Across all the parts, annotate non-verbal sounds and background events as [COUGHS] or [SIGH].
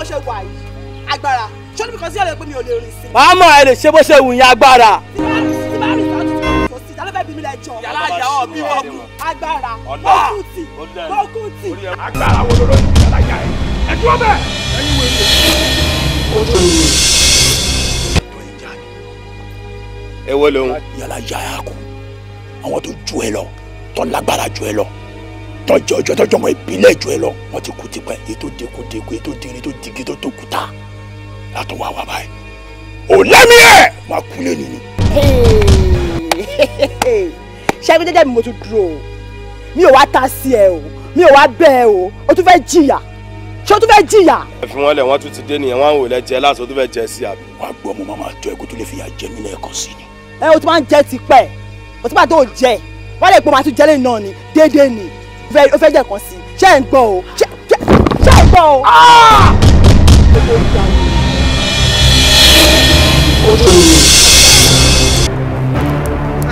mo ṣe wà yìí agbára ṣó ní bíkọ́sí ọ̀rẹ́ pé mi ò lè rìn sí. màá mọ ẹ lè ṣe bó ṣe wù yín agbára. tí bá rìn sí bá rìn sí ọtí ìyá ló fẹ́ bí mi lẹ jọ. yàrá ìyá ọ̀ bí wọ́n kú. agbára mọ́kùtì mọ́kùtì. agbára wo lóró yìí yàrá ìyá ẹ ẹ dúró bẹ́ẹ̀. ẹyin wo ni. ó tó yẹ. ẹ wọlé òun. yàrá ìyá ẹ kú àwọn tó ju ẹ lọ tó lágbára ju ẹ lọ tọ́jọ́ ọjọ́ tọ́jọ́ ọmọ ìbílẹ̀ ìjọ ẹ lọ wọ́n ti kú tipẹ́ ètò dẹ́kun dẹ́kun ètò dẹ́rin tó digi tó tókuta látọ̀ wá wá báyìí ò lẹ́mí ẹ̀ máa kú lé nínú. ṣẹ́gun dédé mi mo tún dúró o mi ò wá ta sí ẹ o mi ò wá bẹ́ ẹ o o tún fẹ́ jìyà ṣé o tún fẹ́ jìyà. ẹ fi wọn lẹ wọn tún ti dé nìyẹn wọn ò lẹ jẹ láti o tún fẹ́ jẹ sí àbí. wàá gbọ́ mo máa tọ́ ẹ kó tó lè fìyà jẹ mí lẹ́ẹ̀kan sí ni. ẹ o tún máa ń jẹ tipẹ́ o tún máa tó jẹ wọ́n lè pọ́ máa tún jẹ́lé náà ni déédéé ni ó fẹ́ jẹ́ kan sí i ṣé ẹ̀ ń gbọ́ o ṣé ẹ̀ ń gbọ́ o. Ah!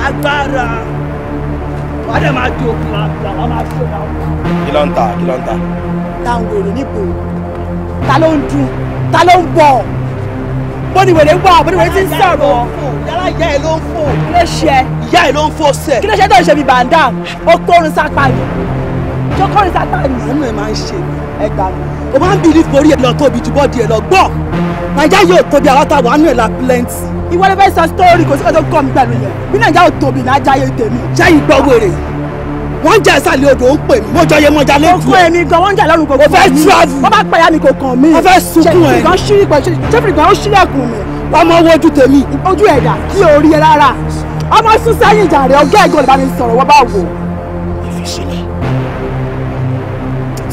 agbára wàá dẹ̀ máa di òkun àgbà wàá máa ṣe ra kí ló ń ta kí ló ń ta. táwọn wèrè níbo ta ló ń dun ta ló ń bọ̀ bó ni wèrè ń wà bó ni wèrè ti ń sọ̀rọ̀. yàrá ìyá ẹ ló ń fò. kí ló ṣe. ìyá ẹ ló ń fò sẹ̀. kí ló ṣe tó ń ṣe bíi bàǹdà ó kórun sápá yìí jọ kọrin sátani. ẹnu ẹ máa ń ṣe ẹgbà mi o máa ń bìlí forí ẹ lọ tóbi ju bọ́ọ̀dì ẹ lọ gbọ́ nàìjíríà yóò tóbi àwọn àtàwọn àánú ẹ la plenty. ìwọ lè fẹ́ sọ sítórí kò sí kó tó kọ́ mi pẹ̀lú yẹn bí nàìjíríà yóò tóbi nàájà yóò tèmi. ṣé ìgbọ́ wèrè wọ́n jẹ́ ìsàlẹ̀ odò ń pè mí mo jọ yẹ mọ́jà lẹ́jọ́ ẹ̀. oko èmi gan wọ́n jẹ́ lọ́rùn kò kàn mí. mo fẹ́ travel. wọ́n bá pẹ̀yà mi kò kàn mí. mo fẹ́ sunkún ẹ̀. ṣèfìgàn ṣírí pẹ̀lú ṣèfìgàn ó ṣílẹ̀kùn mi. ọmọ wo ojú tèmi. ojú ẹ̀dá kí o rí ẹ rárá. ọmọ sún sẹ́yìn ìjà rẹ̀ ọgá ẹ̀gọ́ lè bá mi sọ̀rọ̀ wọ́n bá wò. ìfisílẹ̀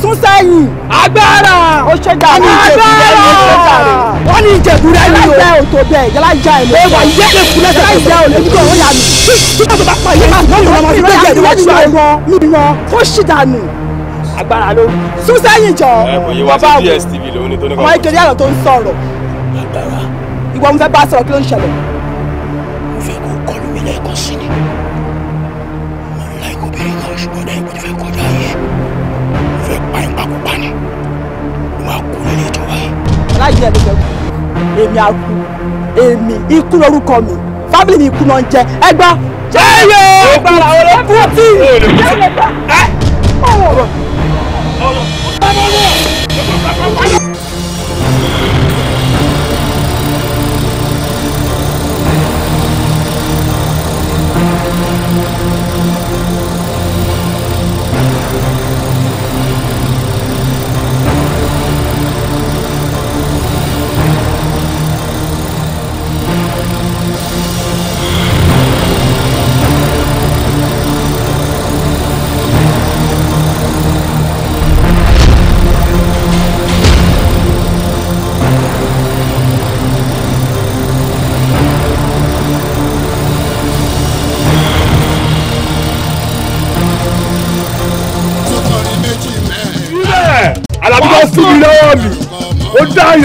sún sẹ́yìn. agbára ọ̀ṣẹ́jà agbára wọ́n ní ìjẹ̀bú rẹ ni o. yàrá ìjà òtò bẹ́ẹ̀ yàrá ìjà ìlú. ẹ wà yẹ kí ẹkùn lẹsẹ tó. yàrá ìjà òlè nígbà wọn yà mí. tí wọn bá pa yẹn máa fún ọmọ ọmọ ìgbẹ́ yẹn níwájú rẹ. mi mọ kó ṣì dànù. agbára ló sún sẹ́yìn jọ. bàbá wo ọmọ ìkẹrẹ àlọ́ tó ń sọ̀rọ̀. ìwọ mo fẹ́ bá sọ̀rọ̀ kí ló ń ṣẹlẹ̀. mo fẹ́ kó kọlu mi lẹ́ẹ̀kan sí ni. láyé ẹ̀ ló fẹ́ kú èmi àkú èmi ikú lórúkọ mi fábìlì mi ikú náà ń jẹ ẹ gbá. jẹ́yẹ̀ ògbàrà ọ̀rẹ́ kú tí. ọ̀rọ̀ ọ̀rọ̀ ọ̀rọ̀ ọ̀rọ̀ ọ̀rọ̀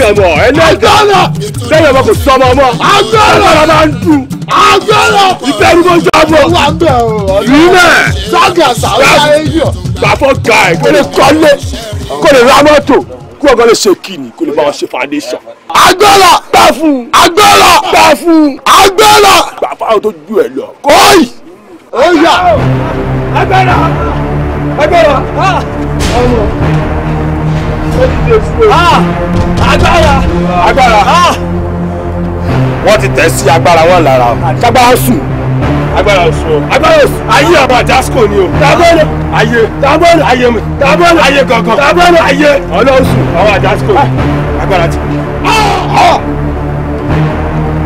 ẹ̀mọ́ ẹlẹ́dẹ̀ lẹ́yìn ọmọ kò sọmọ ọmọ agbára máa ń dùn agbára ìbẹ̀rù mo jábọ̀ ìrìnà gbàfọ́ ga ẹ̀ kó lè kọ́lé kó lè ra mọ́tò kó ọ̀gá lè ṣe kíni kó lè bá wọn ṣe foundation. agbára gbà fún agbára gbà fún agbára gbàfọ́ àwọn tó ju ẹ̀ lọ kọ́ọ̀yì ó yà. agbára ah! ọmọ. Ah! agbára agbára ah! wọ́n ti tẹ̀ sí agbára wọn lára agbára sùn agbára sùn agbára sùn ayé àwọn àjàsíkò ni o tábọ́ọ̀lù ayé tábọ́ọ̀lù ayé mi tábọ́ọ̀lù ayé gangan tábọ́ọ̀lù ayé ọlọ́run sùn àwọn àjàsíkò agbára ti. Ah!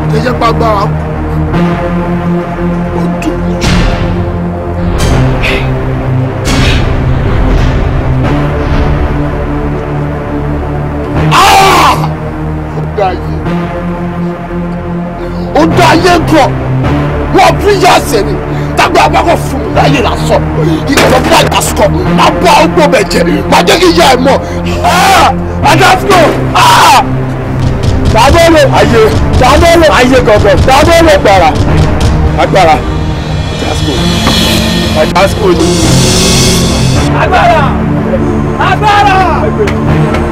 kì í ṣe pàgbára kù. dá ayé ó dá ayé dùn wọ́n bí yá sẹ́ni tágbà abakọ̀ fún mi láyé lásán ìgbà fún àyà sọ máa bọ́ àgbò bẹ̀ kí ìyá ẹ̀ mọ̀ adáfínà ah! ah! dábọ́lò ayé dábọ́lò ayé gọ̀gọ̀ dábọ́lò gbàrà agbára agbára agbára.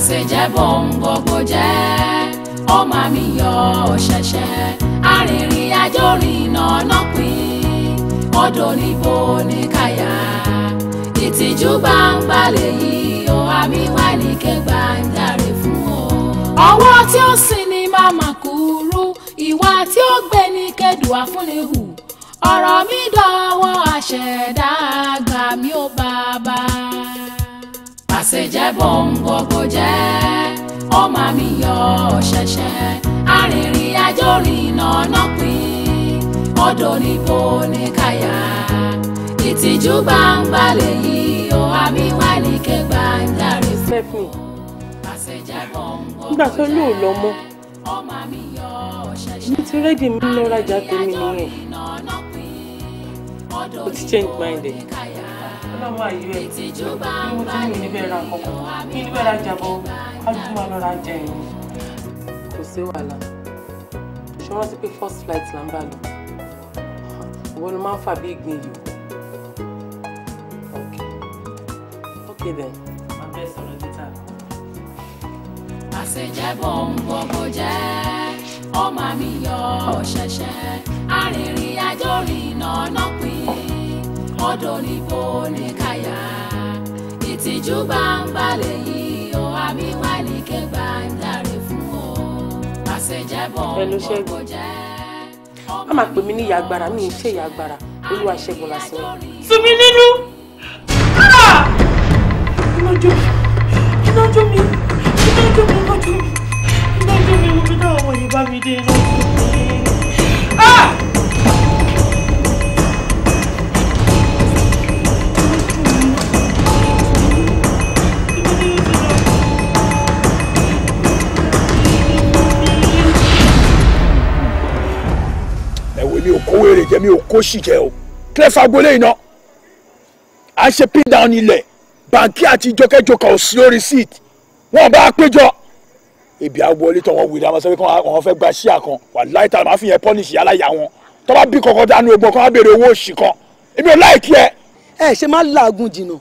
àṣejẹ́bọ̀ ohun gbogbo jẹ́ ó máa mi yọ ọ̀ṣẹ̀ṣẹ̀ arìnrìn àjò rìnà nọ́pin odò níbo ní káyà ìtìjú gbangba lèyí ó àmì wá ní kẹgbà ń dáre fún ọ. ọwọ́ tí ó sìn ni màmá kúrú ìwà tí ó gbé ní kẹdùá fún lè hù ọ̀rọ̀ mi dọ̀wọ́ àṣẹ̀dá àgbà mi ó bàbá àṣejẹ́ bọ̀ǹgọ̀ kò jẹ́ ọmọ mi yọ ṣẹ̀ṣẹ̀ arìnrìn àjò rìnnà náà pín ọdọ níbo ní káyà ìtìjú bá ń balẹ̀ yìí ó àmì wà ní kẹgbà ń darí fún àṣejẹ́ bọ̀ǹgọ̀ kò jẹ́ nígbà tó mi yọ ṣẹ̀ṣẹ̀ mi ti rẹ́dì mi lọ́rajà tèmi nìyẹn ó ti change mind ẹ̀ lọ́wọ́ àyè ẹ̀ bí mo ti ní níbẹ̀ ra kankan ní níbẹ̀ ra jàbọ̀ kájú máa lọ ra jẹ ẹ̀yìn. kò sí wàhálà ṣé wọ́n pé first flight là ń bà lọ ìwọ ló máa ń fà bí ìgbín yìí ok ok then. àṣejẹ́bọ̀ ń bọ́ bó jẹ́ ọmọ mi yọ ṣẹ̀ṣẹ̀ arìnrìn àjò rìn náà náà pín odò níbo ní káyà ìtìjú bá ń balẹ̀ yìí ó àmì wà ní kẹgbà ń dáre fún ọ àṣejẹbọ ọkọ jẹ. a máa pè mí ní ìyá agbára mi ń ṣe ìyá agbára olúwa ṣẹ́gun lásán. sùnmi nínú inájọ́ inájọ́ ah! mi inájọ́ mi inájọ́ mi inájọ́ mi mo fi dáhùn wọ̀nyí bá mi dé inájọ́ mi. Ah! kówó èrè jẹ mi ò kó sì jẹ o kílẹ̀ iná à ṣe pin down ilẹ̀ bàǹkì àti jọkẹ́jọkọ̀ ò sí lórí seat wọ́n bá péjọ ebi awọlé tọ̀ wọ́n àwọn sọ pé àwọn fẹ́ gba ṣíà kan wà láìta màá fi yẹn pọ́nìṣì aláya wọn tọ́ bí kọ̀ọ̀kan dánú egbò kan á béèrè owó òṣì kan èmi ò láìkí ẹ. ẹ ṣe máa làágùn jìnnà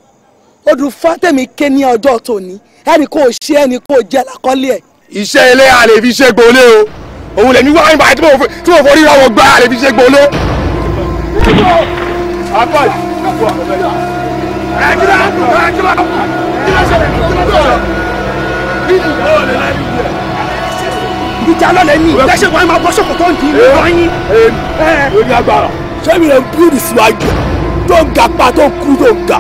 odù fátẹ̀mí ké ní ọjọ́ tòní ẹnì kò ṣe ẹnì kò jẹ́ lákọ́lé iṣẹ́ ilé àlè fi ṣègbè olé o òun lèmi wá ìbàdí tí mo tí mo forí ra wọn gbá àlèfi ṣe gbóló. ìjà lọ́lẹ̀ ní ìgbésẹ̀ wọn máa bọ́ sọ̀kòtò ń di ìlú wáyé. lórí agbára sẹ́mi rẹ̀ bíúdì síwájú tó ń ga pa tó kú tó ga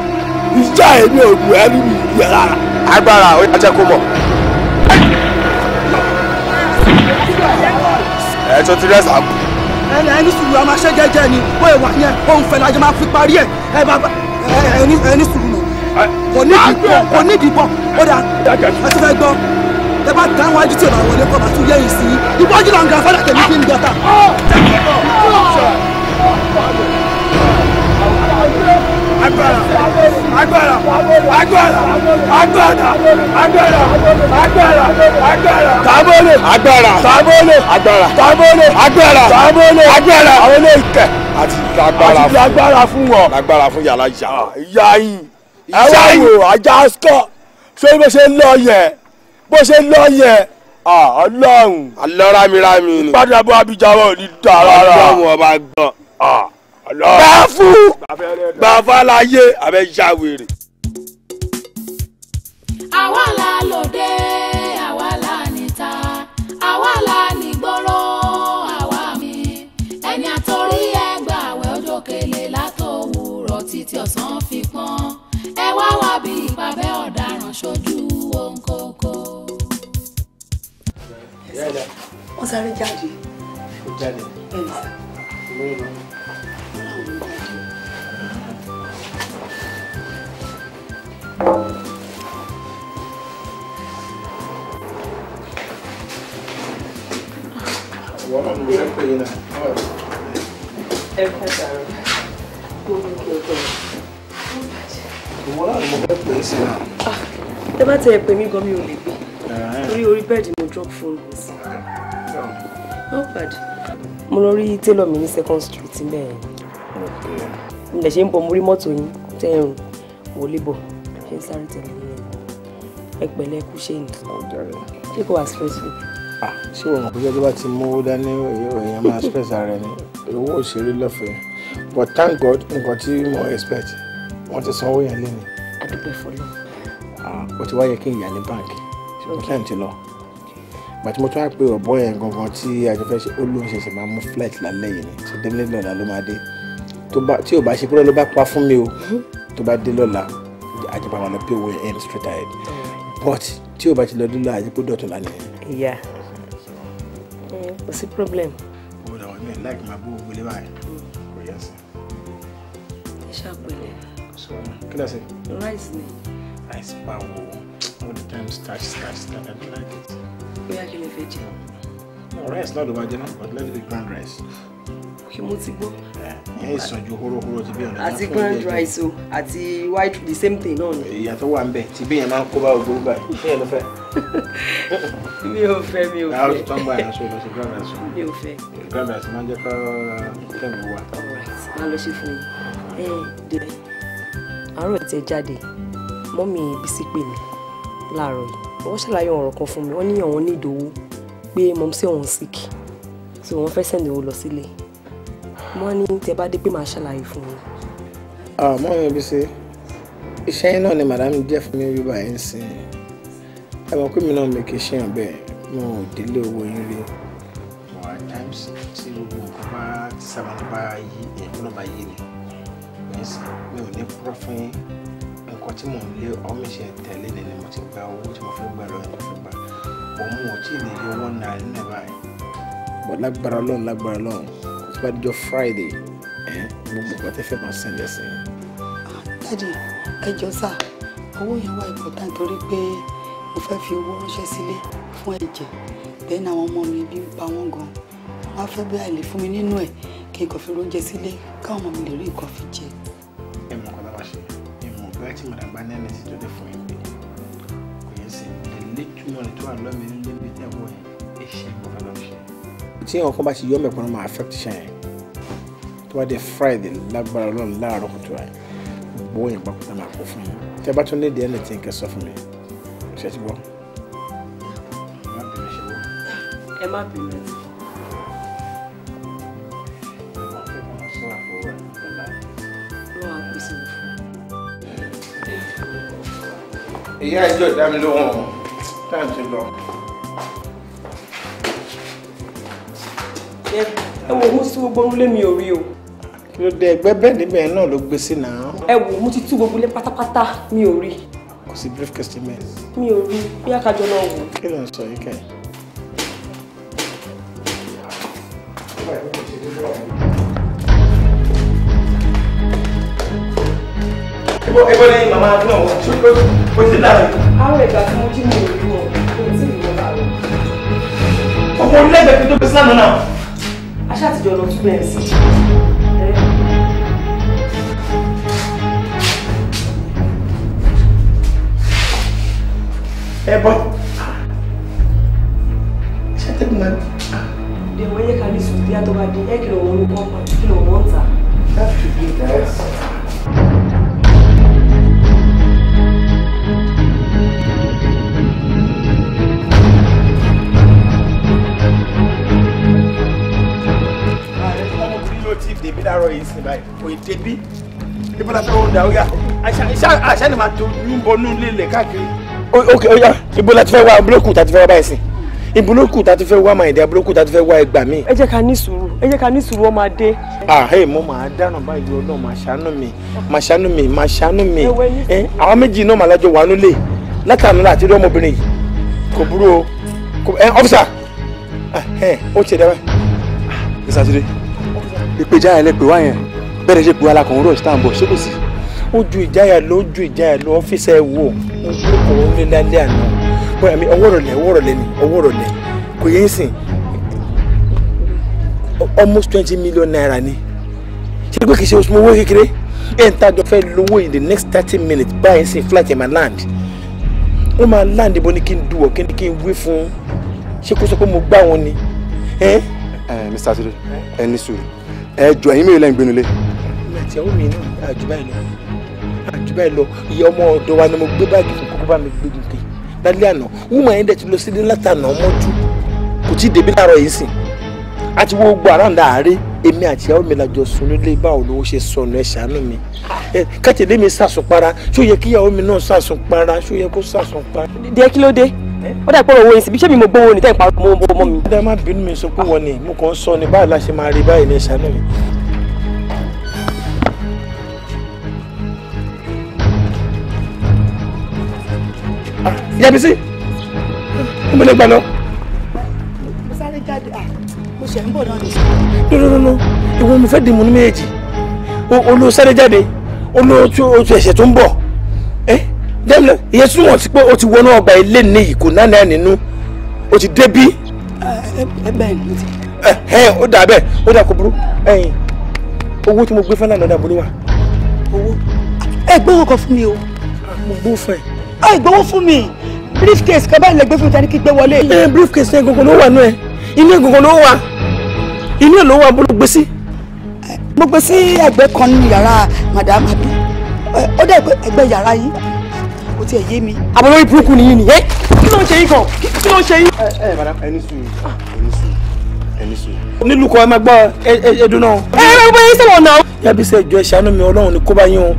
ìjà ẹ̀mí ògùn ẹ̀rí mi yẹ rárá. agbára ó yà jẹ́ kó bọ̀. ẹ tó ti rẹ sàkú. ẹnì ẹni sùúrù a máa ṣe jẹ́jẹ́ ni wọ́n ìwà yẹn òun fẹ́ lajẹ́ máa fi parí ẹ̀ ẹ bá ẹni ẹni sùúrù nù kò ní ìdìbò kò ní ìdìbò ó dà ẹ ti fẹ́ gbọ́ ẹ bá tẹ àwọn ajútì ìbá wọlé kọ́ bá tún yẹ̀yìn sí i ìbọn jìnnà nǹkan fẹ́lẹ̀ tẹ̀mí kí n dọ́ta. agbára agbára agbára agbára agbára agbára agbára tabole agbára tabole agbára tabole agbára tabole agbára àwọn ilé ìkẹ àti agbára fún agbára fún wọn agbára fún yàrá ìyá ìyá yín ẹ wá wò ajá sọ ṣé bó ṣe lọ yẹ bó ṣe lọ yẹ ọlọ́run alọ rámirámi ni padà bọ abijá wọn ò ní dára rárá ọlọ́run ọba gbọ́ gbà fún gbà fún aláyé àbẹ ya wèrè. àwa la lòde àwa la níta àwa la nígboro àwa mi ẹni àtọrí ẹgbà àwẹ̀ ọjọ́ kele látòwúrọ̀ títí ọ̀sán fi pọ́n ẹ wá wá bí ìpàbẹ́ ọ̀daràn ṣojú òǹkókó. wọ́n sáré jáde. wọ́n mọ̀ ló pè é náà. ẹ bá dàrú gbogbo kí o tó lọ. ìwọ náà ni mo fẹ́ pè é sí náà. tẹ bá tẹ ẹ pè mí gan mi ò lè gbé torí orí bẹ́ẹ̀dì mo drop phone mi sí. not bad. mo lọ rí tailor mi ní second street mẹ́rin. ilẹ̀ ṣe ń bọ̀ mo rí mọ́tò yín tẹ́ ẹ̀rùn wọlé bọ̀ fẹ́ sáré tẹ̀lé yẹn ẹ pẹ̀lẹ́ kú ṣe ní. ṣé kò wá stressful. Ah, ṣé o mọ̀ pé tó bá ti mú owó dání èèyàn máa stress ara ẹni but thank God nǹkan tí mo expect wọ́n ti sanwó yẹn lé mi. a dúpẹ́ fọlọ́. o ah, ti wá yẹ kí n yà ní báńkì ṣùgbọ́n time ti lọ bàtí mo tún á pe ọ̀bọ yẹn gangan tí àjọfẹ́ ṣe ó lóun ṣẹ̀ṣẹ̀ máa mú flight lálẹ́ yìí ni tí délé lọ́la ló máa dé tí ò bá ṣe pé lọ́la ló bá pa fún mi o tó bá dé lọ́la àjẹpà àwọn ọ̀nà pé owó ẹ̀ but tí o bá ti lọ dún láàyè àjẹpọ̀ dọ̀tún lálẹ́. ìyá eh, kò sí problem. owó làwọn ẹgbẹ́ láìpẹ́ máa bó owó lé báyìí mm. kò yẹ sí. ẹ ṣàpèlè. kí ló ṣe. rice ni. rice báwo all the time starch starch starch i don't like it. bóyá kí lè fẹ́ jẹun. no rice náà ló máa jẹ náà but let it be brown rice òkè mo ti gbọ́. ẹ sàn ju horohoro ti bí ọ̀nà. àti grand rice o àti white the same thing náà ni. ìyàtọ̀ wà ń bẹ̀ tí bí máa ń kó bá ògbó gbà yìí ṣé ló fẹ́. [LAUGHS] mi ò fẹ́ mi ò fẹ́. láàárọ̀ tó ń bá yàn sí grand rice. mi ò fẹ́. grand rice máa ń jẹ́ kọ́ fẹ́mi wà. máa lọ ṣe fún mi. àárọ̀ tẹ jáde mọ́mì Bísí pè mí láàárọ̀ yìí wọ́n ṣàlàyé ọ̀rọ̀ kan fún mi wọ́n ní àwọn onídòwó pé mọ̀mísí ọ̀hún sick so wọ́n fẹ́ sẹ́ndì lọ sílé wọ́n ní tẹ bá dé pé màá ṣàlàyé fún yín. àmọ́ yẹn bí ṣe iṣẹ́ yín náà ni madam jẹ́ fún mi bí báyìí ń sìn ẹ mọ̀ pé mi náà mi kì í ṣèyàn bẹ́ẹ̀ mo ò délé owó yín rí. wà á times tí gbogbo nǹkan bá ti sábà ní bá yí èèyàn náà bá yé ni mi ò ní púrọ́ fún yín nǹkan tí mò ń lé ọmọ ìṣe tẹ̀lé ni mo ti gba owó tí mo fẹ́ gbà lọ́yìn tó fi gbà òun ò tí ì lè yọ owó náà nínú ẹ̀ báyìí. bọ́lá gbára lọ́run lágbára lọ́run tó bá friday gbogbo nǹkan tẹ́ fẹ́ máa sẹ́ńdẹ̀ sí. dáàdì ẹ jọ sá owó yẹn wà important torí pé mo fẹ́ fi owó ránṣẹ́ sílé fún ẹ̀jẹ̀ bẹ́ẹ̀ ni àwọn ọmọ mi bí ń pa wọ́n gan wọ́n á fẹ́ bí àìlè fún mi nínú ẹ̀ kí n kàn fi oúnjẹ sílé káwọn ọmọ mi lè rí nǹkan fi jẹ. ẹ mọ nǹkan tá a bá ṣe ẹ mọ bẹ́ẹ̀ tí màdà bá nẹ́ẹ̀lì ti tó dé fún ẹ pé kò yẹ sí ẹ lé túmọ̀ rẹ̀ tó wà tí àwọn kan bá ti yọ mẹ́pọ̀n náà máa affect ṣe yẹn tó bá dé friday lágbára ọlọ́run láàárọ̀ kùtù rẹ̀ gbọ́ yẹn pàkúta máa kó fún mi tẹ́ bá tún ní ìdí ẹ̀nà tí n kẹ́ sọ fún mi ṣe ti gbọ́. ẹ má bínú. ìyá ti lọ. ẹ wo mo sí gbogbo orúlé mi ò rí o. kí ló dé ẹgbẹ́ bẹ́ẹ̀ níbẹ̀ náà ló gbé sí náà. ẹ wo mo ti tú gbogbo ilé pátápátá mi ò rí. kò sí briefcase ti mẹ́rin. mi ò rí bí akájọ náà wò. kí ló ń sọ yìí kẹ́yìn. ẹgbọ́n ẹgbọ́n lẹ́yìn màmá náà ó ti ó ti dà mí. àwọn ìgbà tí mo jí mi ò rí wọn kò tí ì lọ bá wọn. ọmọ onílẹ̀ ìgbà tó tó bẹ sílẹ̀ náà aṣá àtijọ́ lọ tún bẹ̀rẹ̀ sí. ẹ bọ́ ṣé tẹ́kùn náà. ìdèwọ̀ yẹ ká ní sùn bí a tó bá di ẹ kìlọ̀ ló kọ́ pa kìlọ̀ wọ́n ta. láti fi bí ìdá ẹ̀ sọ. tí dèbí láàárọ̀ yìí sìn báyìí kò dèbí nípa láti ọ̀hún dà ó yà àṣà ni màá tó ń bọ nínú ilé káàkiri. ok ó yá ibo la ti fẹ́ wá búlọ́kù tá a ti fẹ́ wá báyìí sìn ìbúlọ́kù tá a ti fẹ́ wá màá ìdá búlọ́kù tá a ti fẹ́ wá ẹgbà mi. ẹ jẹ́ ká ní sùúrù ẹ jẹ́ ká ní sùúrù ọmọ adé. àhẹ́ mo máa dáná báyìí ọlọ́run máa ṣàánú mi máa ṣàánú mi máa ṣàánú mi àwọn méjì náà màá lájọ wà nílé látàánú àti rí ọmọbìnrin yìí kò burú o ọ́fíìsà ah, ó ti ẹ̀ dábàá. mr ìpèjà yẹn lẹ pè wá yẹn bẹ́ẹ̀ ṣe pè wá lakàn rọ̀ ṣìtàn bọ̀ ṣé sí. ó ìjáyà lọ ó ìjáyà lọ ọ́fíìsì ẹ̀ wò ó ju ọ̀rọ̀ lé lálẹ́ àná bóyá mi ọwọ́ rọ̀lẹ́ ọwọ́ rọ̀lẹ́ ni ọwọ́ rọ̀lẹ́ kò yẹ ń sìn almost twenty million naira ni ṣé pé kì í ṣe oṣù mọ́wọ́ kékeré ẹ̀ ń tàjọ fẹ́ lówó in the next thirty minutes báyìí sìn flight ẹ̀ máa land ó máa land ibo ni kí n duwọ̀ kí n wí fún ṣé kó sọ pé mo gbá wọn ni. ẹ Mr. Sule ẹ ní sùúrù ẹ jọ ẹ̀yin mẹ́rin lẹ́yìn gbénu lé. ìyàtìyàwó mi náà àjù báyìí lọ àjù báyìí lọ ìyá ọmọ ọ̀dọ̀ wa ni mo gbé báàgì fún kókó bá mi gbé dùn tèyí lálẹ́ àná wúmọ̀ yẹn dẹ̀ ti lọ sílé látànà mọ́jú kò tí ì débi láàárọ̀ yìí sìn a ti wo gbogbo àràǹdà àárẹ̀ èmi àti ìyàwó mi lajọ sùn nílé báwo lówó ṣe sọnù ẹ ṣàánú mi kátìlé mi sàsùn para ṣó yẹ kíyàwó mi náà sàsùn para ṣó yẹ kó sàsùn para ó dà pé owó yìí síbi ṣé mi mo gbówó ni tẹ́ ń pa mo mo mọ́ mi. ẹ má bínú mi sọkún wọn ni mo kàn ń sọ ni báyìí la ṣe máa rí báyìí ah, ní ìṣáná mi. Yabisi n bẹ ne gba lọ. mo sáré jáde à ah, mo ṣe ń bọ̀ náà ní. lọ́lọ́lọ́lọ́ ìwọ mo fẹ́ dìmú ní méjèèjì olú sáré jáde olú oṣù ẹ̀ṣẹ̀ tó ń bọ̀ dem na ìyẹn túmọ̀ sí pé o ti wọnú ọgbà ilé ní ìkó náà náà nínú o ti débí. ẹ bẹ́ẹ̀ ni mo ti. ẹ ẹ ó dà bẹ́ẹ̀ o dà kó burú ẹ̀yìn owó tí mo gbé fẹ́lá náà dàbọ̀ ló wà. owó ẹ gbówó kan fún mi o. mo gbó fún ẹ. ẹ gbówó fún mi briefcase kan báyìí lè gbé fún mi tani kí gbé wọlé. ẹ briefcase yẹn gbogbo ló wà nù ẹ inú ìgbòho ló wà inú ẹ ló wà bó ló gbé sí. mo gbé sí ẹ̀gbẹ́ kan nínú yàrá madam abi ó dẹ̀ ẹ̀gbẹ́ yàrá yìí ti ẹ̀ yé mi. àbọ̀ lórí burúkú nìyí nìyẹn eh? kí ló ń ṣe yín kan kí ló ń ṣe yín. ẹ eh, ẹ eh, madam ẹni sùn ẹni sùn ẹni sùn. nílùú kan ẹ máa gbọ́ ẹdun náà. ẹ ẹ máa gbọ́ yín sọ̀rọ̀ náà. yàbí sẹ́ ìjọ ìṣàánú mi ọlọ́run ni kó bá yín o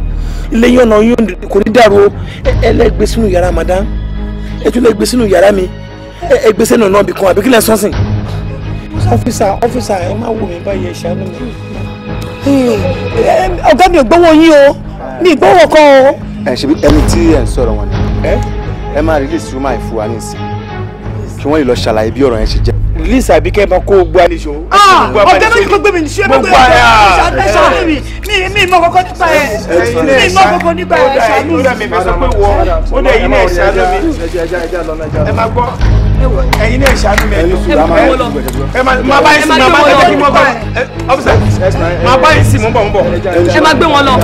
ilé yín ọ̀nà yín kò ní dàrú o ẹ lẹ́ gbé sínú yàrá madam ẹ tún lẹ́ gbé sínú yàrá mi ẹ gbé sínú náà bìkan àbí kí lẹ́ sọ́sìn. ọ́fíìsà ọ́fíìsà ẹ má wò mí báyìí ẹ ṣàánú mi. ọ̀gá mi ò gbọ́wọ́ yín o mi ì gbọ́wọ́ kan o ẹ ṣe bí ẹni tí ẹ ń sọ̀rọ̀ wọn ni ẹ máa release rúmà ìfún wa nísìnyí kí wọ́n lè lọ ṣàlàyé bí ọ̀rọ̀ yẹn ṣe jẹ́. release àbí kẹ́ ẹ máa kó o gbọ́ àlejò. ọ̀gá mi kò gbé mi níṣẹ́ gbogbo ẹ̀ ṣàlẹ́ ṣàlẹ́ mi mi mọ kọ́kọ́ nípa ẹ̀ mi mọ kọ́kọ́ nípa ẹ̀ ṣàlù. ó dà mí fẹ́ sọ pé wọ ó dà yín náà ṣàlù mi ẹ máa gbọ́ ẹ̀yin náà ṣàlù mi ẹ máa bá yín sí máa bá yín sí máa bá yín sí mú bọ̀ mú bọ̀. ẹ máa gbé wọn lọ.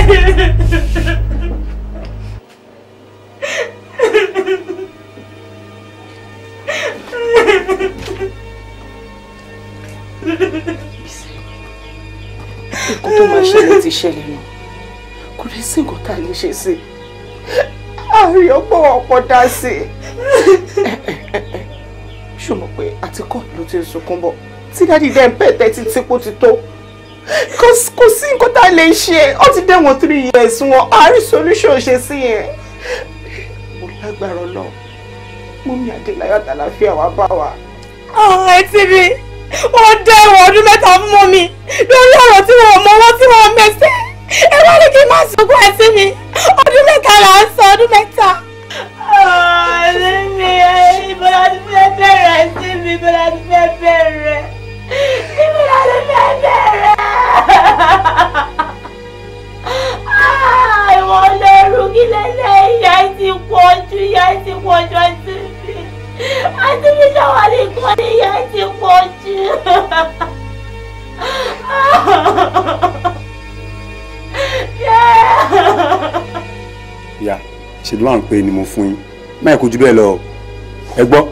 nǹkan tó máa ṣẹlẹ̀ ti ṣẹlẹ̀ nù kò lè sí nǹkan tá a lè ṣe sí àárín ọgbọ́n ọ̀pọ̀ dá sí ṣùgbọ́n pé àti kọ́ọ̀tù ló ti ń sunkún bọ̀ tí dádì dẹ́ ń bẹ̀ẹ́ tí kò ti tó kò sí nǹkan tá a lè ṣe ó ti dẹ̀wọ̀n three years wọn àárín solution ṣe sí yẹn. mo lágbára lọ mú mi àdélayọ àtàlàfíà wá bá wa. Ah, ẹ ti rí ó dẹ̀wọ̀n ọdún mẹ́ta fún mọ́ mi lórí ọ̀rọ̀ tí wọ́n mọ owó tí wọ́n mẹ́sẹ̀ ẹ wá ní kí n má sọgbọ́n ẹ béèrè ni mo fún yín máa kó ju bẹ́ẹ̀ lọ ẹ gbọ́.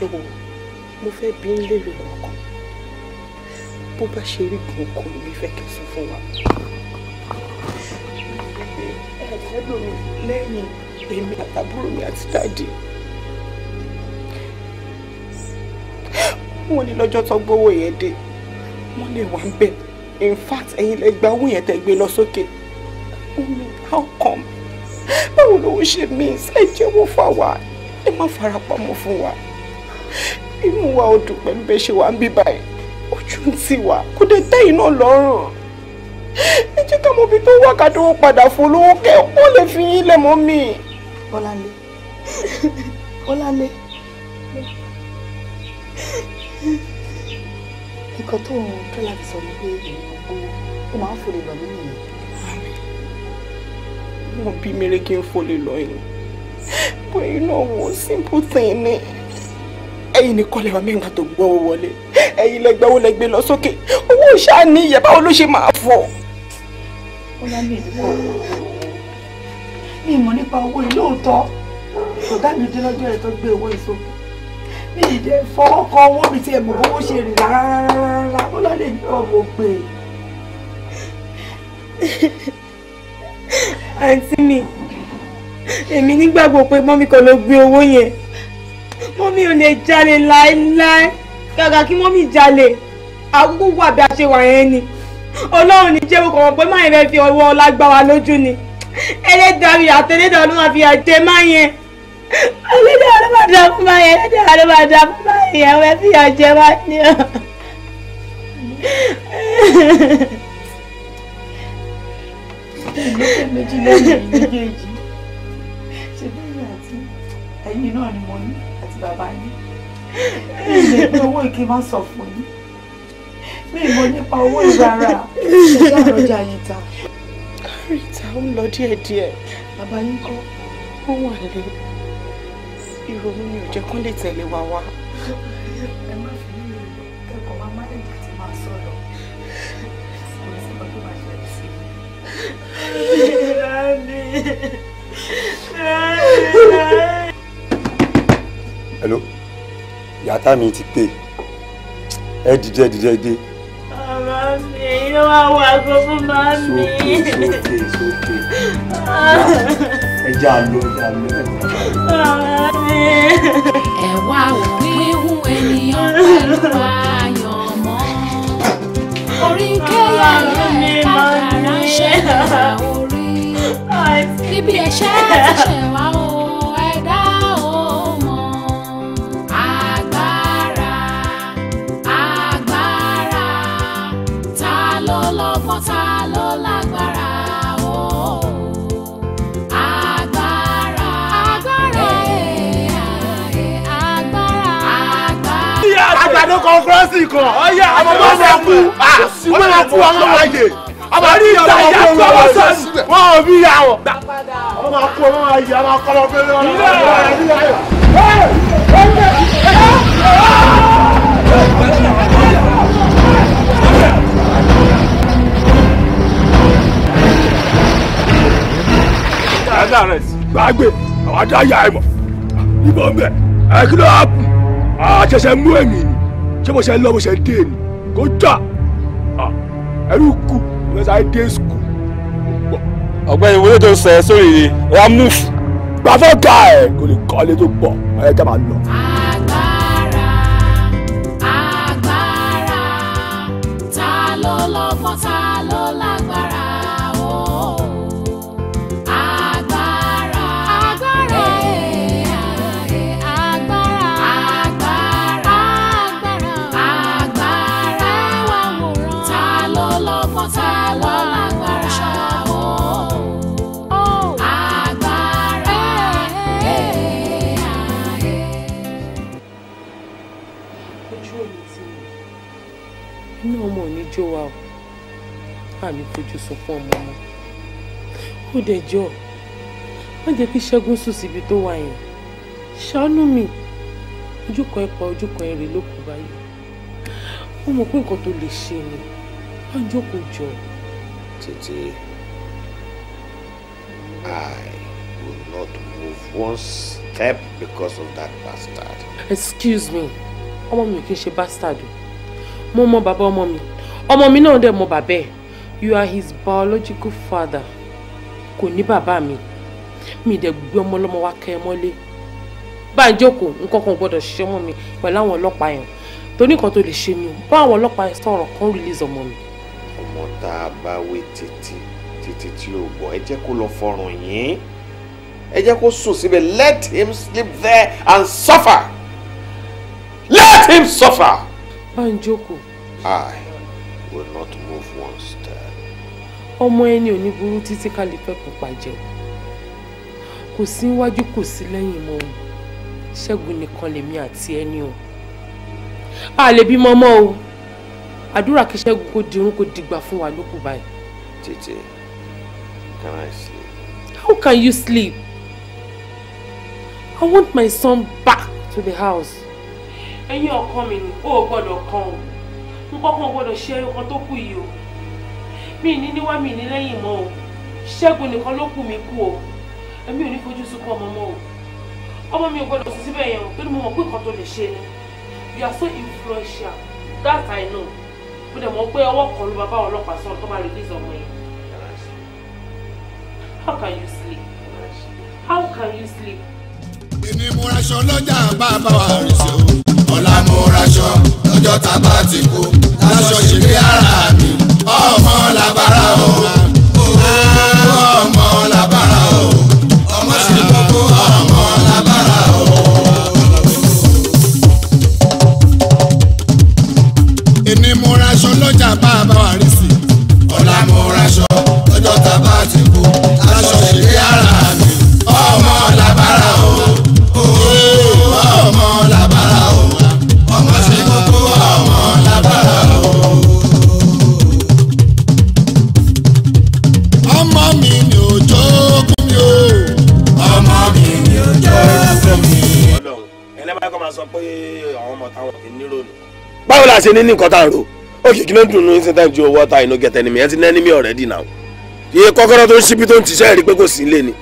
lọ́wọ́ mo fẹ́ bí ń lérò ọkàn bó bá ṣe rí gan kò ní fẹ́ kí n sọ fún wa. lẹ́yìn èmi àtàbúrò mi àti dáàdì wọn ni lọ́jọ́ tó gbówó yẹn dé lè wà ń bẹ̀ in fact ẹ̀yin lẹ gba owó yẹn tẹ́ gbé lọ sókè how come báwo ló ń ṣe mí ṣe jẹ́wọ́ fà wá ẹ má fara pamọ́ fún wa inú wa ò dùn pẹ̀lú bẹ́ẹ̀ ṣe wà ń bí báyìí ojú ń tì wá kò dé tẹ́yìn náà lọ́rùn ẹ jẹ́ ká mọ ibi tó wà kádówó padà fún olówó kẹ́ ó lè fi yín lẹ̀ mọ́ mi. Bọ́láńlé Bọ́láńlé fò lè lọ mí nìyẹn. wọn bí mèrè kí n fò lọ yìí bó iná wò simple thing ni ẹ̀yin ni kọ́lẹ̀ wa mẹ́rin tó gbọ́ wọlé ẹ̀yin lẹ́gbẹ́ wo lẹ́gbẹ́ lọ sókè owó ṣáà ní ìyẹn báwo ló ṣe máa fọ̀. ó yá mi ìdíkọ̀ mi ìmọ̀ nípa owó yìí lóòótọ́ ọ̀gá mi dé lọ́jọ́ rẹ̀ tó gbé owó èso mi ìdẹ fọwọ́ kan owó mi tí ẹ̀ mọ̀ bówó ṣe rìn rárá rárá ó lọ́ọ́ lè ní ọmọ gbé e. [LAUGHS] àǹtí mi èmi nígbàgbọ́ pé mọ́mí kan ló gbé owó yẹn mọ́mí ò lè jalè láéláé kàkà kí mọ́mí jalè àkókò wà bí a ṣe wà yẹn ni ọlọ́run ní jẹ́ òkò wọn pé máa yẹn fi ọwọ́ lágbára lójú ni ẹlẹ́dàrí àtẹlẹ́dàá ló máa fi àjẹ máa yẹn ẹlẹ́dàá ló máa dá fún máa ẹlẹ́dàá ló máa dá fún máa ẹ̀wẹ́ fi àjẹ máa yẹn. [LAUGHS] ẹ̀yin méjèèjì ṣe bẹ́ẹ̀ àti ẹ̀yin náà ni mo ní àti bàbá yín mi ìlẹ̀ pé owó ìkí máa sọ fún yín mi ìmọ̀ nípa owó ìrara ìṣẹ́ àròjà yìí ta. káríta ó lọ díẹ̀díẹ̀ bàbá yín kọ́ ó wà lé ìrònú mi ò jẹ́ kán lè tẹ̀lé wa wá. ẹ má [LAUGHS] hello Yata mi ti pè ẹ dìde dìde dé. bàbá mi ló wá wọ àgọ́ fún bàbá mi. sókè sókè sókè ẹ já lọ já lọ. bàbá mi. ẹ wá wíwún ènìyàn pẹ̀lú ayọ̀ mọ́ orí kéèyàn yẹ ká dára ṣe é times. ibi ẹ̀ṣẹ̀ ti ṣẹ̀ wá o ẹ̀dá o mọ̀ agbára agbára ta ló lọ́gbọ́n ta ló lágbára o agbára agbára agbára agbára. àgbàdo kan kúrọ́sì kan ọ̀yà àwọn ọmọ ọmọ ọmọ ọmọ ọmọ ọmọ ah, ọmọ ọmọ ọmọ ọmọ ọmọ ọmọ ọmọ ọmọ ọmọ ọmọ wọ́n ní ìtajà tó wọ́n sọ ní. wọ́n ò bí ya wọ̀. wọ́n máa kó wọn ayé àwọn akọ́lọ́ pẹ̀lú ọ̀rọ̀ ọ̀rọ̀ gbàgbé àwọn ajá ya ẹ mọ ìbọn bẹ ẹ kí ló á bù àṣẹṣẹ mú èmi ni ṣé mo ṣe lọ mo ṣe dé ni kó jà ẹrú kù because I dey school. ọ̀gbẹ́ni wọlé tó sẹ sórí rẹ ramuf gbàfẹ́ ká ẹ̀ kò lè kọ́ ilé tó pọ̀ ọ̀yẹ́ká máa lọ. mi fojú sunkún ọmọ ọmọ ó dẹ̀ jọ jẹ́ kí ṣẹ́gun sùn síbi tó wà yẹn ṣàánú mi ojúkan ẹ̀pà ojúkan ẹ̀rẹ̀ ló kù báyìí ó mọ̀ pé nǹkan tó lè ṣe ni wá jókòó jọ. títí i will not move one step because of that bastard. excuse me ọmọ mi ò kí ṣe bastard o mo mọ bàbá ọmọ mi ọmọ mi náà dẹ̀ mọ bàbá ẹ̀ you are his biological father kò ní bàbá mi mi dẹ̀ gbé ọmọ ọlọ́mọ wá kẹ́ ẹ mọ́lé bá a jókòó nǹkan mi pẹ̀lú àwọn ọlọ́pàá yẹn torí nǹkan tó lè ṣe mi o bá àwọn ọlọ́pàá yẹn kan release ọmọ mi. ọmọ tá a bá wé títí títí tí o gbọ́ ẹ jẹ́ kó lọ fọrùn yín ẹ jẹ́ kó sùn síbẹ̀ let him sleep there and suffer let him suffer. Banjoko. I will not move once ọmọ ẹni ò ní burú títí ká lè fẹ́ pupa jẹ kò sí iwájú kò sí lẹ́yìn mọ́ o ṣẹ́gun nìkan lèmi àti ẹni o a lè bímọ mọ́ o àdúrà kí ṣẹ́gun kó dirun kó dìgbà fún wa lókù báyìí. tètè can I sleep. how can you sleep? I want my son back to the house. ẹ̀yin ọkọ mi ni o ò gbọ́dọ̀ kan o n kọ́kọ́ gbọ́dọ̀ ṣe ẹyọkan tó kù yìí o mi ní níwá mi ní lẹ́yìn mọ́ o ṣẹ́gun nìkan ló kù mí kú o èmi ò ní fojú sunkún ọmọ mọ́ o ọmọ mi ò gbọ́dọ̀ sùn síbẹ̀ yẹn o torí mo mọ̀ pé nǹkan tó lè ṣe ni you are so influential that I know mo dẹ̀ mọ̀ pé ọwọ́ kan ló bá bá ọlọ́pàá sọ̀rọ̀ tó máa release ọmọ yẹn how can you sleep how can you sleep. èmi mo raṣọ lọ́jà bàbá wa rìn sí o ọ̀la mo raṣọ lọ́jọ́ tá bá ti kú láṣọ ṣe ara mi ọmọ làbàrà o. pé àwọn ọmọ táwọn kì í nírònú. báwo la ṣe ní ní nǹkan tá à ń rò ó kí ló ń dùn ní sometimes you water you no get enemy ẹ ti ní enemy already now. iye kọ́kọ́rọ́ tó ń ṣíbí tó ń tiṣẹ́ rí pé kò sí ilé ni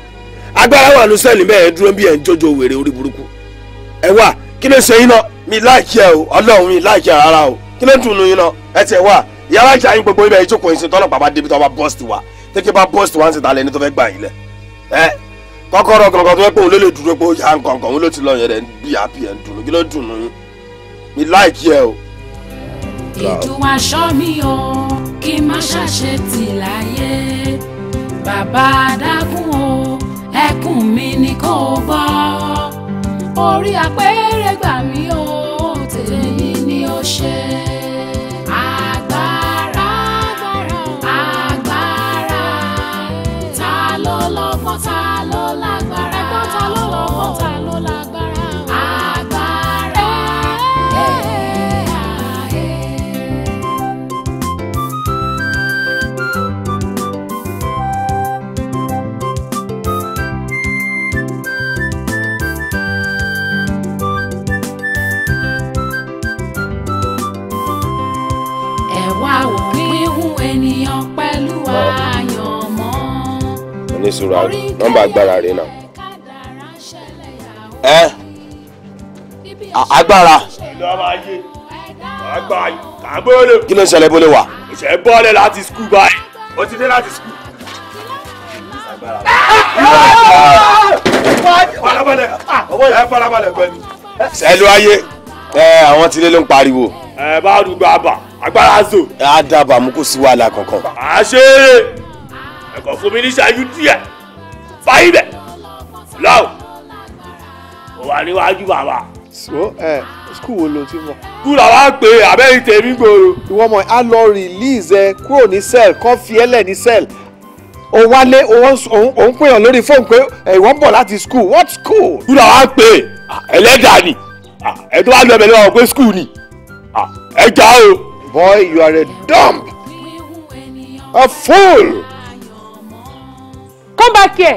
agbára wà ní sẹ́ẹ̀lì bẹ́ẹ̀ dúró bí ẹ̀ ń jójo wèrè orí burúkú. ẹ wà kí ló ṣe yín náà mi láìkí ẹ o ọlọ́run mi láìkí ẹ rárá o kí ló ń dùn yín náà ẹ tiẹ̀ wà yàrá ìjà yín gbogbo ibẹ̀ ìjókòó yín sí tọ́lọ́pàá bá débi tó bá bọ́ọ̀sì wa tẹ́kẹ́ bá bọ́ọ̀sì wa ń ṣe ta lẹ́ni tó fẹ́ gbà kọ́kọ́rọ́ kankan tó yẹ pé òun ló lè dúró pé ó yá nkankan òun ló ti lọ yẹn rẹ̀ bí àbí ẹ̀ ń dùn kí ló dùn nù mí láìkí ẹ o. ètò aṣọ mi o kí n má ṣàṣe tì láyé bàbá dákun o ẹkún mi ni kò gbọ́ orí apẹ́rẹ́ gbà mí o tèmi ni ó ṣe. ní sùúrù àwọn nọ́mbà agbára rẹ̀ náà. ẹ agbára. ìlú ọmọ ayé àgbà àgbóyòlò. kí ló ń ṣẹlẹ̀ bólé wa. ìṣẹ̀ bọ́ọ̀lẹ̀ láti skul báyìí ó ti dé láti skul. farabalẹ̀ ẹ farabalẹ̀ pẹ̀lú. sẹ́lú ayé ẹ àwọn tí ilé ló ń pariwo. ẹ bá rúgbà àbà agbára zò. á dábàá mú kó sí wàhálà kankan. àṣẹ kàn fún mi ní ṣáájú díẹ̀ fàyí bẹ̀ lọ́wọ́ ó wà níwájú bàbá. so ẹ skul wo lo ti mọ. skul àwa pé abẹ́yìn tèmi gbòòrò. ìwọ ọmọ a lọ release ẹ kúrò ní cell kọ́ fi ẹ lẹ̀ ní cell òun wálé òun pèèyàn lórí fóònù pé ìwọ ń bọ̀ láti skul what school. skul àwa pé ẹlẹ́dàá ni ẹ tó wá lọ ẹbẹ̀ lọ́wọ́ pé skul ni ẹ já o. boy you are a dumb a fool come back here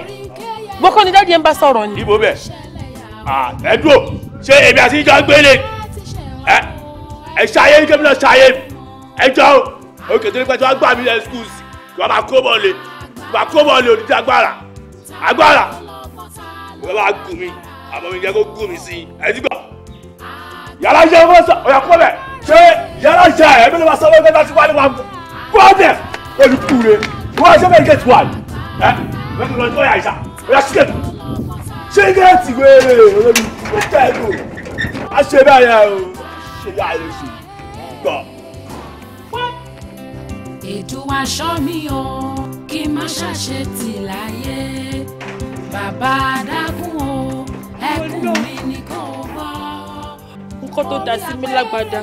gbọ́kọ́ ni dáàdi ẹ̀ ń bá sọ̀rọ̀ ni. ibo bẹ ẹ dúró ṣé èmi àti ìjọ ń gbélé ẹ ẹ ṣayé kébí náà ṣayé ẹ jọ o òkè tó ń pẹ́jọ́ gbà mí ẹ skul wà á kó bọ́ lé wà á kó bọ́ lé onídìí agbára agbára wọ́n bá gùn mí àmọ́ mi jẹ́ kó gùn mí sí i ẹ ti gbọ́ yàrá jẹ́ ọmọ sọ ọ̀yà kọ́ bẹ̀ ṣé yàrá jẹ́ ẹ̀ bí ló bá sọ ọmọ ẹgbẹ́ láti wá ní wàá bọ́ọ̀dẹ̀ olùkúre wọ́n ṣe bẹ́ẹ̀ gẹ̀ẹ́tì wà ní lọ́dún lọ ètò aṣọ mi o kí má ṣàṣe tì láyé bàbá adágún o ẹkún mi ni kò bọ́. nǹkan tó dá sí mi lágbádá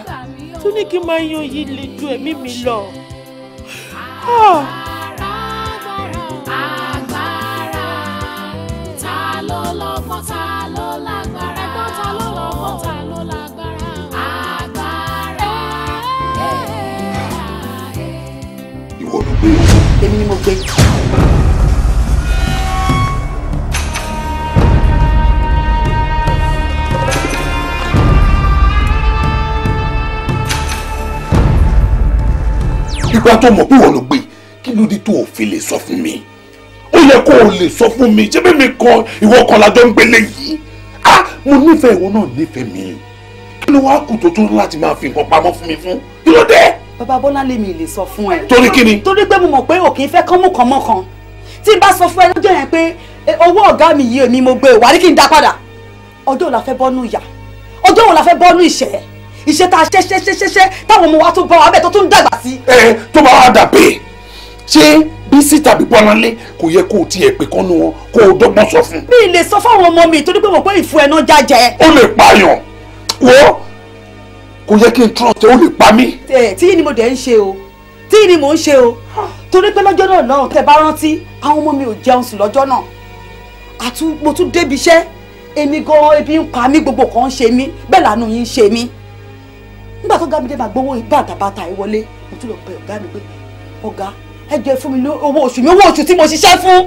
tún ní kí n máa yan yìí lè ju ẹ̀mí mi lọ. Ah! ló lọ́gbọ́n ta ló lágbára. ẹ̀gbọ́n ta ló lọ́gbọ́n ta ló lágbára. agbára ẹ̀ ìwọ ló gbé owó. èmi ni mo gbé. ìgbà tó mọ̀ pé ìwọ ló gbé kí ló dé tó o fi lè sọ fún mi ó yẹ kó o lè sọ fún mi ṣé mímí kan ìwọ kan lájọ ń gbélé yìí ah mo nífẹ̀ẹ́ ìwọ náà nífẹ̀ẹ́ mi kí ló wá kù tó tún láti máa fi nǹkan pamọ́ fún mi fún kí ló dé. bàbá bọ́lá lè mi lè sọ fún ẹ. torí kí ni. torí pé mo mọ̀ pé òkè fẹ́ kán mú kan mọ́ kan tí n bá sọ fún ẹ lọ́jọ́ yẹn pé owó ọ̀gá mi yìí èmi mo gbé wà ní kí n dá padà ọjọ́ wo la fẹ́ bọ́nú ìyà ọjọ́ wo la fẹ́ bọ́nú ìṣẹ́ ìṣẹ́ tá a ṣẹ́ ṣẹ́ ṣẹ́ táwọn ọmọ wa tún bọ́ wa bẹ́ẹ̀ tó tún dàgbà sí. ẹ tó bá wà dà bẹ́ẹ̀ ṣé Bísí tàbí Bọ́láńlé kò yẹ kó o tiẹ̀ pè kánú wọn kó o dọ́gbọ́n sọ fún. mi lè sọ fáwọn ọmọ mi torí pé mo pé ìfun ẹ̀nà jàjẹ́. ó lè pààyàn wọ́ kò yẹ kí n trust ẹ ó lè pa mí. ẹ tí ni mo dẹ̀ ń ṣe o tí ni mò ń ṣe o torí pé lọ́jọ́ náà lọ́hùn tẹ́ bá rántí àwọn ọmọ mi ò jẹun sùn lọ́jọ́ náà àtún mo tún débi iṣẹ́ èmi gan ebi ń pa mí gbogbo kan ń ṣe mí bẹ́ẹ̀ làánú yín ń ṣe mí nígbà tó ga mi dé máa gbowó ìbàdàbàtà ìwọlé mo tún lọ pe ọ̀gá mi pé ọ̀gá ẹ jẹ́ fún mi ní owó oṣù mi owó oṣù tí mo ṣiṣẹ́ fún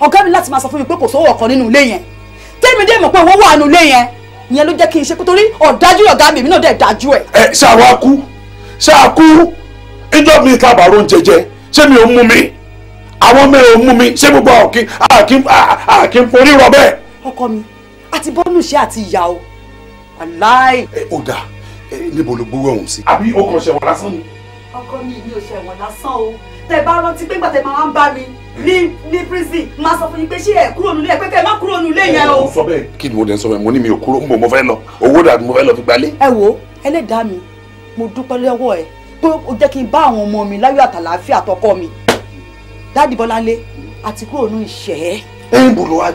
ọ̀gá mi láti máa sọ fún mi pé kò sówó ọ̀kan nínú ilé yẹn tẹ́mi dé mọ̀ pé owó wà nínú ilé yẹn ìyẹn ló jẹ́ kí n ṣe torí ọ̀dájú ọ̀gá mi èmi náà dẹ̀ dájú ẹ̀. ẹ ṣàwa kú ṣàkú ìjọ mi ká bàrún jẹjẹ ṣé mi ò mú mi àwọn mi ò mú mi ṣé gbogbo àkín àkín àkín forí rọ bẹ́ẹ̀. ọkọ mi àti bọ́nù ṣe àti ìyá o aláì. ẹ ò dáa níbo ló gbowó ọ̀hún sí. àbí o kàn ṣẹ̀wọ̀n lásán ni. ọkọ mi mi ò ṣẹ̀wọ̀n lásán o tẹ bá rántí pé gbàtẹ máa ń bá mi ní ní prison máa sọ fún yín pé ṣé ẹ kúrò nílé ẹ pé kẹ má kúrò nílé yẹn o. sọ bẹ́ẹ̀ kí ni mo dé sọ bẹ́ẹ̀ mo ní mi ò kúrò mo mo lọ owó dà mo fẹ́ lọ fi gbalé. ẹ wo ẹlẹ́dàá mi mo dúpẹ́ lọ́wọ́ ẹ pé o jẹ́ kí n bá àwọn ọmọ mi láyọ̀ àtàlàáfíà àtọkọ mi dáàdì bọ́láńlé àti kúrò ní ìṣẹ́. ẹ ń bò lọ wá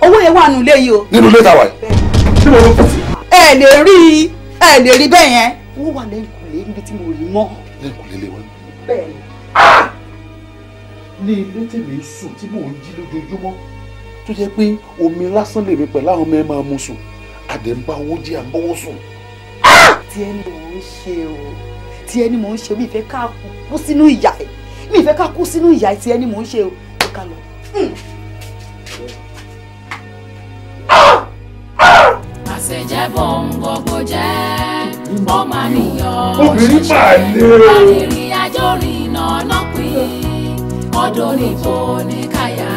owó yẹn wà nù ilé yìí o. nínú ilé tàwa yìí. ẹ lè rí ẹ lè rí bẹ́ẹ̀ yẹn. owó wà lẹ́yìn kùlé níbi tí mo rí mọ́. lẹ́yìn kùlé lè wá. bẹ́ẹ̀ ni ní ilé tèmi sùn tí mò ń jí lójoojúmọ́ tó jẹ́ pé omi lásán lèmi pẹ̀lú àwọn ọmọ ẹ máa mu sùn àdé ń bá owó jí à ń bọ́wọ́ sùn. tí ẹni mò ń ṣe o tí ẹni mò ń ṣe mi ìfẹ́ ká kú sínú ìyà ẹ̀ mi ìfẹ́ ká kú sínú ìyà ẹ̀ tí ẹni mò ń ṣe o ẹ ká lọ. àṣejẹ́ bọ̀ ń gbogbo jẹ́ ọmọ nìyọ̀ obìnrin máa lè rí àjọrin ọ̀nà pín ọdún nìbò ní káyà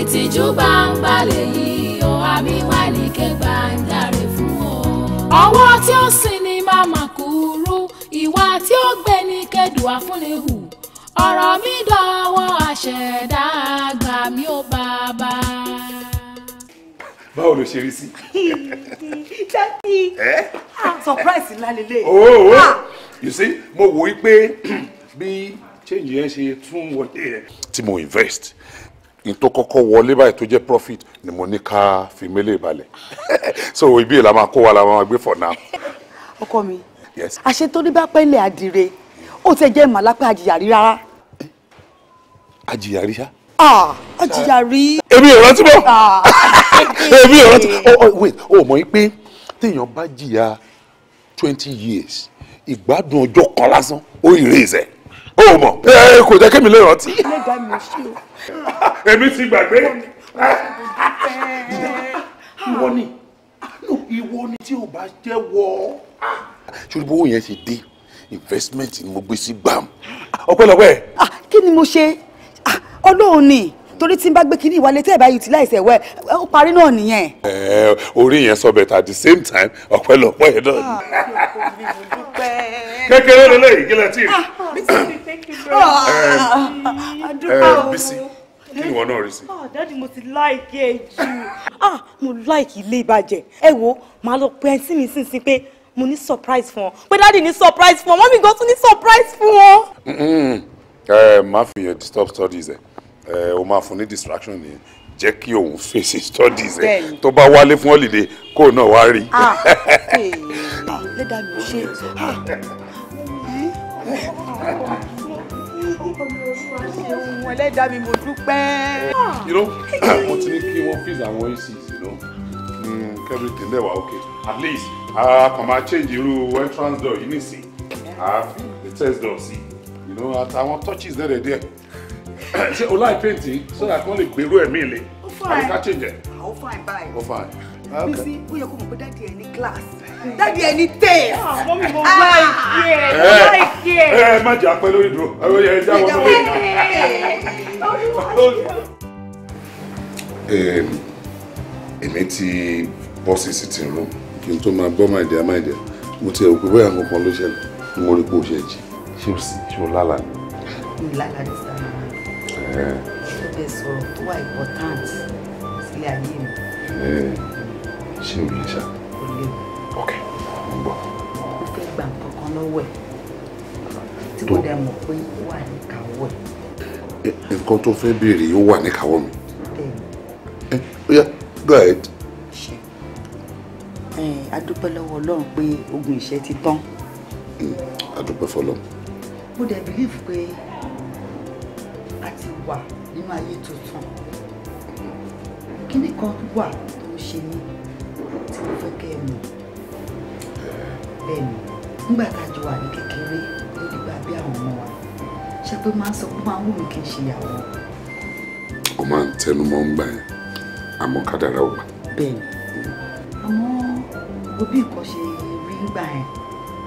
ìtìjú bá ń balẹ̀ yìí ọ àmì wà ní kẹgbà ń dàrẹ fún ọ. ọwọ́ tí ó sìn ni màmá kúrú ìwà tí ó gbé ní kẹdùn àfúnlẹ̀hù ọ̀rọ̀ mi dọ̀wọ́ àṣẹ̀dá àgbà mi ó bàbá báwo ló ṣe rí sí. jẹ́ kí eh? ah, surprise ńlá lélẹ̀. Oh, oh. Ah. you see mo wò ó pé bí change yẹn ṣe tún wọlé yẹn. tí mo invest n tó kọ́kọ́ wọlé báyìí tó jẹ́ profit ni mo ní ká fi mélé balẹ̀ [LAUGHS] so ibi ìlà máa kó wa la máa gbé for now. ọkọ mi àṣẹ tó ní bá pẹ́lẹ̀ àdìrẹ ó ti jẹ́ màlápẹ́ àjìyàrí rárá. àjìyàrí ṣá. ah àjìyàrí. èmi ò rántí mọ́ èmi ò rántí oh, oh, wait o mọ̀ pé téèyàn bá jìyà twenty years ìgbádùn ọjọ́ kan lásán ó ì rèé o mọ̀ ẹ kò jẹ́ kémi lè rántí. èmi ti gbàgbé. ìwọ ni ìwọ ni tí o bá jẹ́ wọ. ṣùgbọ́n owó yẹn ti dé investment ni mo gbé sí gbàm. ọpẹ́lọpẹ́. Ah, kí ni mo ṣe ah, ọlọ́run ni torí tí n bá gbé kinní ìwálé tẹ́ ẹ̀ bá utilize ẹ̀ wẹ́ ó parí náà nìyẹn. ẹ orí yẹn sọ bẹ̀tẹ̀ at the same time ọpẹ́lọpẹ́ náà. Ah, kékeré lélẹ́yìí kí lẹ tí thank you very much. adúgbò o Bísí kí ni ìwọ náà rí sí. Ah, dáàdi mo ti láìkí ẹ jù. ah mo like ilé ìbàjẹ́ ẹ wo màá lọ pe ẹntì mi sínsìn pé mo ní surprise fún ọ pé dáàdi ní surprise fún ọ mọ́mí gan tún ní surprise fún ọ. ẹ eh, má fi yẹn disturb studies ẹ ẹ eh, o máa fún ní distraction nìyẹn jẹ́ kí òun fèsì studies ẹ̀ tó bá wálé fún holiday kó náà wá rí. lẹ́dàá mi ò ṣe é ṣeun ẹlẹ́dàá mi you know [CLEARS THROAT] mo ti ní kí wọ́n fix àwọn you know mm, everything there wá okay at least a come máa change irú entrance door you need see. Ah, the test door see. you know I want touches there dẹ̀ díẹ̀ ṣe o láì so I kí wọ́n lè gbèrú ẹ̀mí ilé àbíká change ẹ̀. ó fà ẹ̀ báyìí. ó fà ẹ̀. Ah, bísí ó yẹ kó mọ̀ pé dáàdi ẹ̀ ní class dáàdi ẹ̀ taste. àmọ́ mi mo ah. láìkí ẹ̀ mo láìkí ẹ̀. ẹ ẹ má jẹ́ apẹ́ lórí ìdúró ẹ̀rọ yẹ ẹja wọn lórí ìdúró. èmi ti bọ́sì sí ti rún kí n tó máa gbọ́ máa dẹ̀ máa dẹ̀ mo ti ẹ̀ wò pé bóyá nǹkan kan ló ṣẹlẹ̀ mo rí pé ó ṣe jì ṣé o sì ṣe o lálàá ni. mi lálàá ni sáà eh. ẹ sọ̀rọ̀ tó wà important sílé ayé mi. Eh ṣé o yẹ ṣá. kò lè wò. ok mo gbọ́. o fẹ́ gba nǹkan kan lọ́wọ́ ẹ̀ tí kò dẹ̀ mọ̀ pé ó wà ní kàwọ́ ẹ̀. E, nǹkan tó fẹ́ béèrè yóò wà ní kàwọ́ mi. ẹ ẹ go ahead. ṣe a dúpẹ́ lọ́wọ́ ọlọ́run pé ogun ìṣẹ́ ti tán. Mm, a fọlọ́. mo dẹ̀ bìlíìfù pé a ti wà nínú ayé tuntun mm. kíní kan wà tó ń ṣe ní tí mo fẹ́ kẹ́ ẹ mọ̀ bẹ́ẹ̀ ni nígbà tá a jọ wà ní kékeré ló dìgbà bí àwọn ọmọ wa ṣe pé máa ń sọ pé máa ń wù mí kí n ṣe ìyàwó. ó máa ń tẹnu mọ́ ń gbà yẹn àmọ́ kádàrá ò gbà. àmọ́ òbí nǹkan ṣe rí gbà yẹn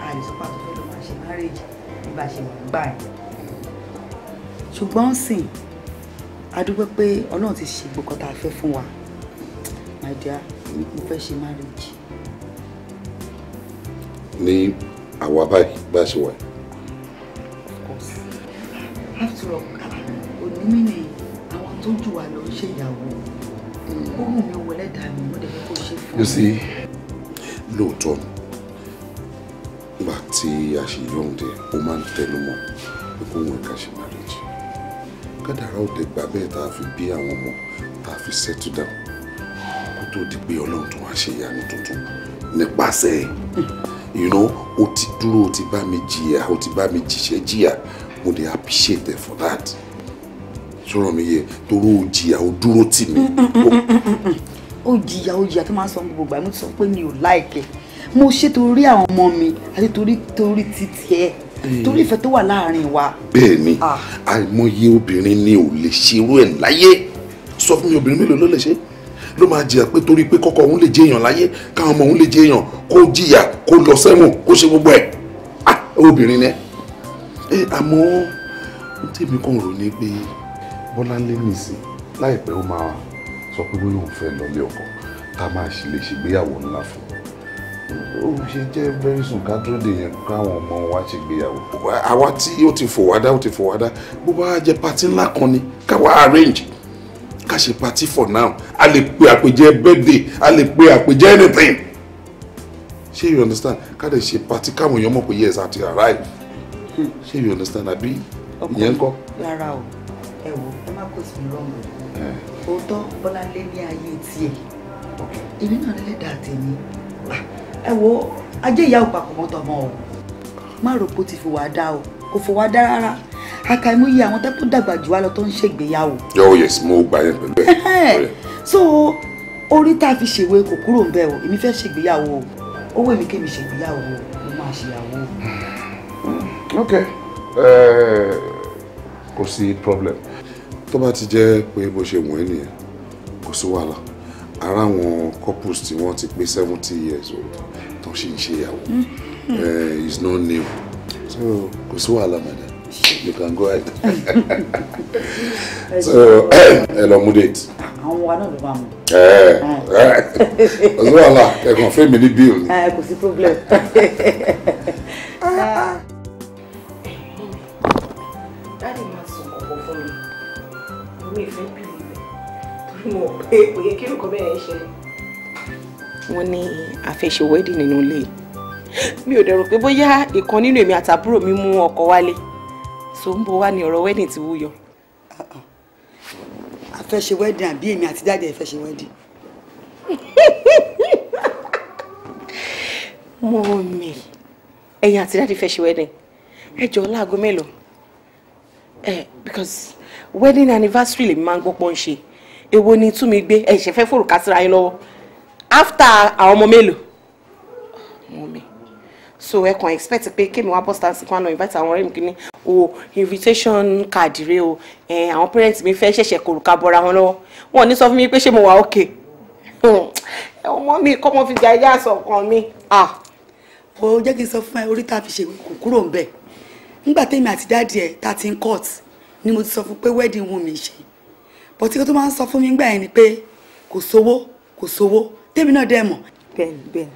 a lè sọ pé máa ṣe márèèjì nígbà ṣe wà gbà yẹn. ṣùgbọ́n sìn a dúpẹ́ pé ọlọ́run ti ṣe gbogbo tá a fẹ́ fún wa my dear mo fẹ́ marriage. ní àwa báyìí bá a ṣe wà. of course after all òní mi ni àwọn tó jù wá lọ ń ṣe ìyàwó ó wù mí owó ẹlẹ́dàá mi mo dẹ̀ fẹ́ kó ṣe fún mi. you see lóòótọ́ nígbà tí a ṣe yọ̀ǹde ó máa ń tẹnu mọ́ pé kó wọn ká ṣe marriage kádàrá òde gbà bẹ́ẹ̀ tá a fi bí àwọn ọmọ tá a fi settle down tó di pé ọlọ́run tó wá ṣe ìyanu tuntun nípasẹ̀ ìran ó ti dúró ó ti bá mi jìyà ó ti bá mi jìṣẹ́ jìyà mo dey appreciate them for that sọ̀rọ̀ mi yẹ torí ó jìyà ó dúró tì mí. ó jìyà ó jìyà tó máa ń sọ gbogbo ìgbà mo ti sọ pé mi ò láìkẹ́ mo ṣe torí àwọn ọmọ mi àti torí torí títí ẹ eh. torí ìfẹ́ tó wà láàrin wa. bẹ́ẹ̀ ni ah. àìmọye obìnrin ni ò lè ṣerú ẹ̀ láyé sọ fún mi obìnrin mélòó ló lè ṣe é ló máa jìyà pé torí pé kọ́kọ́ òun lè jẹ́ èèyàn láyé káwọn ọmọ òun lè jẹ́ èèyàn kó jìyà kó lọ sẹ́wọ̀n kó ṣe gbogbo ẹ̀ ah obìnrin ni ẹ àmọ́ ohun tí èmi kàn rò ní pé Bọ́láńlé nìsín láìpẹ́ ó máa sọ pé bóyá òun fẹ́ lọlé ọkọ tá a máa ṣe lè ṣègbéyàwó ńlá fún ó ṣe jẹ́ very soon ká dúró de yẹn káwọn ọmọ wa ṣe gbéyàwó. àwa tí ó ti fò wá dá ó ti fò wá dá bó bá jẹ pati ńlá kan ni káwa arrange ká ṣe party for now a lè pe àpèjẹ birthday a lè pe àpèjẹ anything ṣé you understand ká lè ṣe party káwọn èèyàn mọ̀ pé yes àti arrive ṣé you understand àbí ìyẹn kọ́. rárá o ẹ wo ẹ má kó sí rọrùn eh. òótọ́ bọ́láńlé ní ayé tiẹ̀ èmi náà lẹ́dàá tèmi ah, ẹ wo ajé ìyá òpapọ̀ mọ́tọ̀ mọ́ o má rò pé ó ti fi wàá dá o kò fò wá dá rárá àkàìmọye àwọn tẹ́kọ̀ dàgbà jù wá lọ tó ń ṣègbéyàwó. oh yes mo gbà yẹn pẹ̀lú ẹ̀. Oh, so orí tá a fi ṣèwé kò kúrò ń bẹ̀ o èmi fẹ́ ṣègbéyàwó o owó èmi kémi ṣègbéyàwó o mo máa ṣèyàwó o. Hmm. ok eh, kò sí problem tó bá ti jẹ́ pé bó ṣe wọ̀n ẹ́ nìyẹn kò sí wàhálà ara àwọn couples tí wọ́n ti pé seventy years old tó ṣì ń ṣèyàwó hmm. eh, it's not new kò sí wàhálà madam you can go ahead [LAUGHS] so [CLEARS THROAT] ẹ lọ mú date. àwọn wa náà ló máa mú. ẹ ẹ kò sí wàhálà ẹ kàn fẹ́ mi ní bill. kò sí problem. [LAUGHS] dáàdì máa sọ ọ̀pọ̀ fún mi mi ì fẹ́ bìlì rẹ̀ torí mo pé òye kí nǹkan bẹ́ẹ̀ ń ṣẹlẹ̀. wọ́n ní àfẹ́ṣe wedding nínú ilé yìí mi ò dẹ̀ rò pé bóyá ìkan nínú èmi àtàbúrò mi mú ọkọ wálé so ń bo wá ní ọ̀rọ̀ wedding ti wúyọ. a fẹ́ ṣe wedding àbí èmi àti dáàdì ẹ̀ fẹ́ ṣe wedding. mo [LAUGHS] mi ẹ̀yin àti dáàdì fẹ́ ṣe wedding ẹ jọ láago mélòó ẹ because wedding anniversary lèmi máa ń gbọ́pọ̀ ń ṣe èwo ni tú mi gbé ẹ ṣe fẹ́ fòrùka síra yín lọ́wọ́ after àwọn ọmọ mélòó mo ah, mi so ẹ kàn expect pé kémi wá bọ́sítà sí kwano invite àwọn ọ̀rẹ́ mi kìíní o invitation card rẹ o àwọn parents mi fẹ́ ṣẹ̀ṣẹ̀ kòrùka bọ́ra wọn lọ́wọ́ wọn ò ní sọ fún mi pé ṣé mo wà okay [LAUGHS] ọmọ mi kọ́ mo fi gba ẹja àṣọ mi. o jẹ́ kí n sọ fún ẹ orí tá a fi ṣe kò kúrò ń bẹ̀ nígbà tẹ́mi àti dáàdi ẹ̀ tá a ti ń court ni mo ti sọ fún pé wedding wù mí ṣe bọ́ tí kò tó máa ń sọ fún mi nígbà yẹn ni pé kò sówó kò sówó tẹ́mi náà dẹ̀ mọ̀. bẹ́ẹ̀ni bẹ́ẹ̀ni.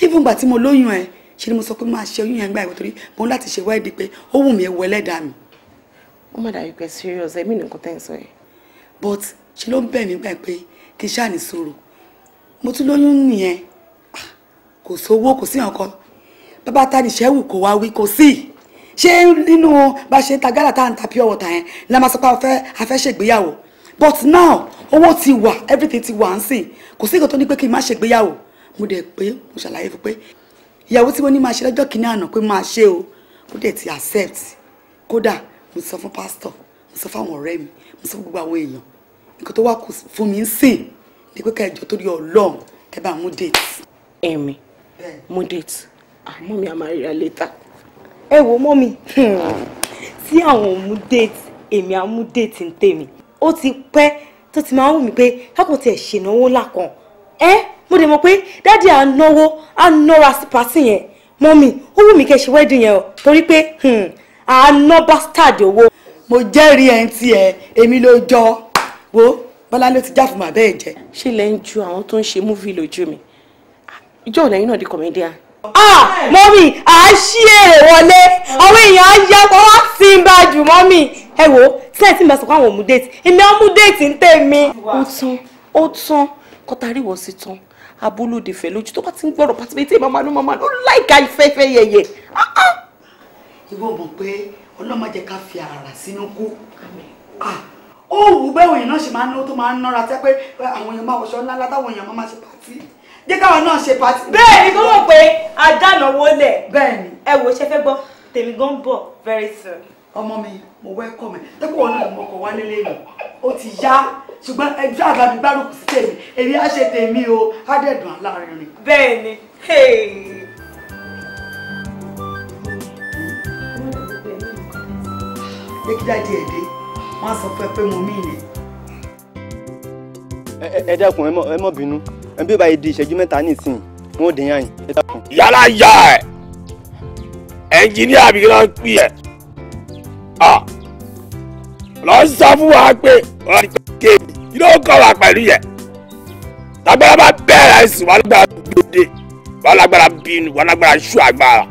even gbà tí mo lóyún ẹ ṣe ni mo sọ pé máa ṣe oyún yẹn gbà ìwé torí mo láti ṣe wáìdì pé ó wù mí ewu ẹlẹ́dàá mi. ó mà dàbí pé serious ẹ̀mí nìkan tẹ́ ń sọ yẹn. but ṣe ló ń bẹ̀ mí gbà pé kí n ṣàní sọ̀rọ̀ mo tún lóyún nìyẹn ah, kò sówó kò sí ọ̀kan bàbá ta ni ṣẹ́wù kò wá wí kò sí ṣé nínú bá ṣe ta gálà tá à ń ta pure water yẹn la máa sọ pé a fẹ́ ṣègbéyàwó but now owó ti wà everything ti wà ń sìn kò sí nǹkan tó ní pé kí n má ṣègbéyàwó mo dẹ̀ pé mo ṣàlàyé fún pé ìyàwó tí wọ́n ní máa ṣe lọ́jọ́ kìíní àná pé máa ṣe o kó dẹ̀ ti accept kódà mo ti sọ fún pásítọ̀ mo sọ fáwọn ọ̀rẹ́ mi mo sọ fún gbogbo àwọn èèyàn nǹkan tó wá kù fún mi ń sìn ni pé kẹjọ torí Ọlọ́run ẹ bá mú date. ẹ̀mí mú date àmọ́ mi àmà ríra létà. ẹ wo mọ́ mi tí àwọn ò mú date èmi àmú date ń tèmi ó ti pẹ́ tó ti máa ń wù mí pé kákò tiẹ̀ ṣènáwó làkàn Eh, mo dẹ̀ mọ̀ pé dáàdi à ń náwó à ń nọ́ra sí mommy, yẹn mọ́mì ó wù mí wedding yẹn o torí pé à hmm, ń ná bastard owó. mo jẹ́rìí ẹ̀ ń tiẹ̀ èmi ló jọ wo bọ́lá ló ti jáfùmọ̀ mà bẹ́ẹ̀ jẹ́. ṣé ilẹ̀ ń ju àwọn tó ń ṣe múfì lójú mi ìjọ òlẹ́yìn náà di comedian. ah mommy, à á ṣí èrè wọlé àwọn èèyàn á yá pa wá sí i bá jù mọ́mì ẹ wo tí ẹ ti ń bá sọ pé àwọn ò mú déètì èmi á mú déètì ń tẹ̀ mi. ó tán ó kọ́tàrí wọ́n sí tán abolóde fẹ́ lójú tó bá ti ń gbọ́rọ̀ pàtìmẹ́tì màmá ló màmá ló láìka ìfẹ́fẹ́ yẹyẹ. Ah, ah. ìwọ mọ̀ pé ọlọ́mọ jẹ́ ká fi àrà sínú kú ah, ó wù ú bẹ́ẹ̀ òyìn náà ṣe máa ń tó máa ń nára tẹ́ pé àwọn èèyàn máa wọṣọ ńlá látàwọn èèyàn máa máa ṣe pàtì jẹ́ káwọn náà ṣe pàtì. bẹ́ẹ̀ ni mọ̀ pé adánàwó lẹ̀ ẹ wò ṣe fẹ́ gbọ́ tèmi gan bọ̀ very soon ọmọ mi mo wẹ́kọ̀ mi tẹ́kọ̀ wọn náà mọ̀kọ̀ wálé lẹ́nu ó ti yá ṣùgbọ́n ẹjọ́ àbámi gbárùkù sí tèmi èmi á ṣe tèmi o á dẹ̀dùn aláàárín rìn. bẹ́ẹ̀ ni dókítà díẹ̀ dé wọ́n á sọ fún ẹ pé mo mí ni. ẹ dákun ẹ mọ bínú ẹ bí báyìí di ìṣẹ́jú mẹ́ta nísìnyí wọn ò dé yàn yín ẹ dákun. yálà yà ẹ ẹnjìníà bí wọn pè é. Ah. lọ sọ fún wa pé ọ̀rọ̀ ìgbà kéèmì ló kọ́ wa pẹ̀lú yẹn lágbára bá bẹ̀rẹ̀ ẹ̀sìn wọn lágbára gbòde wọn lágbára bínú wọn lágbára ṣú agbára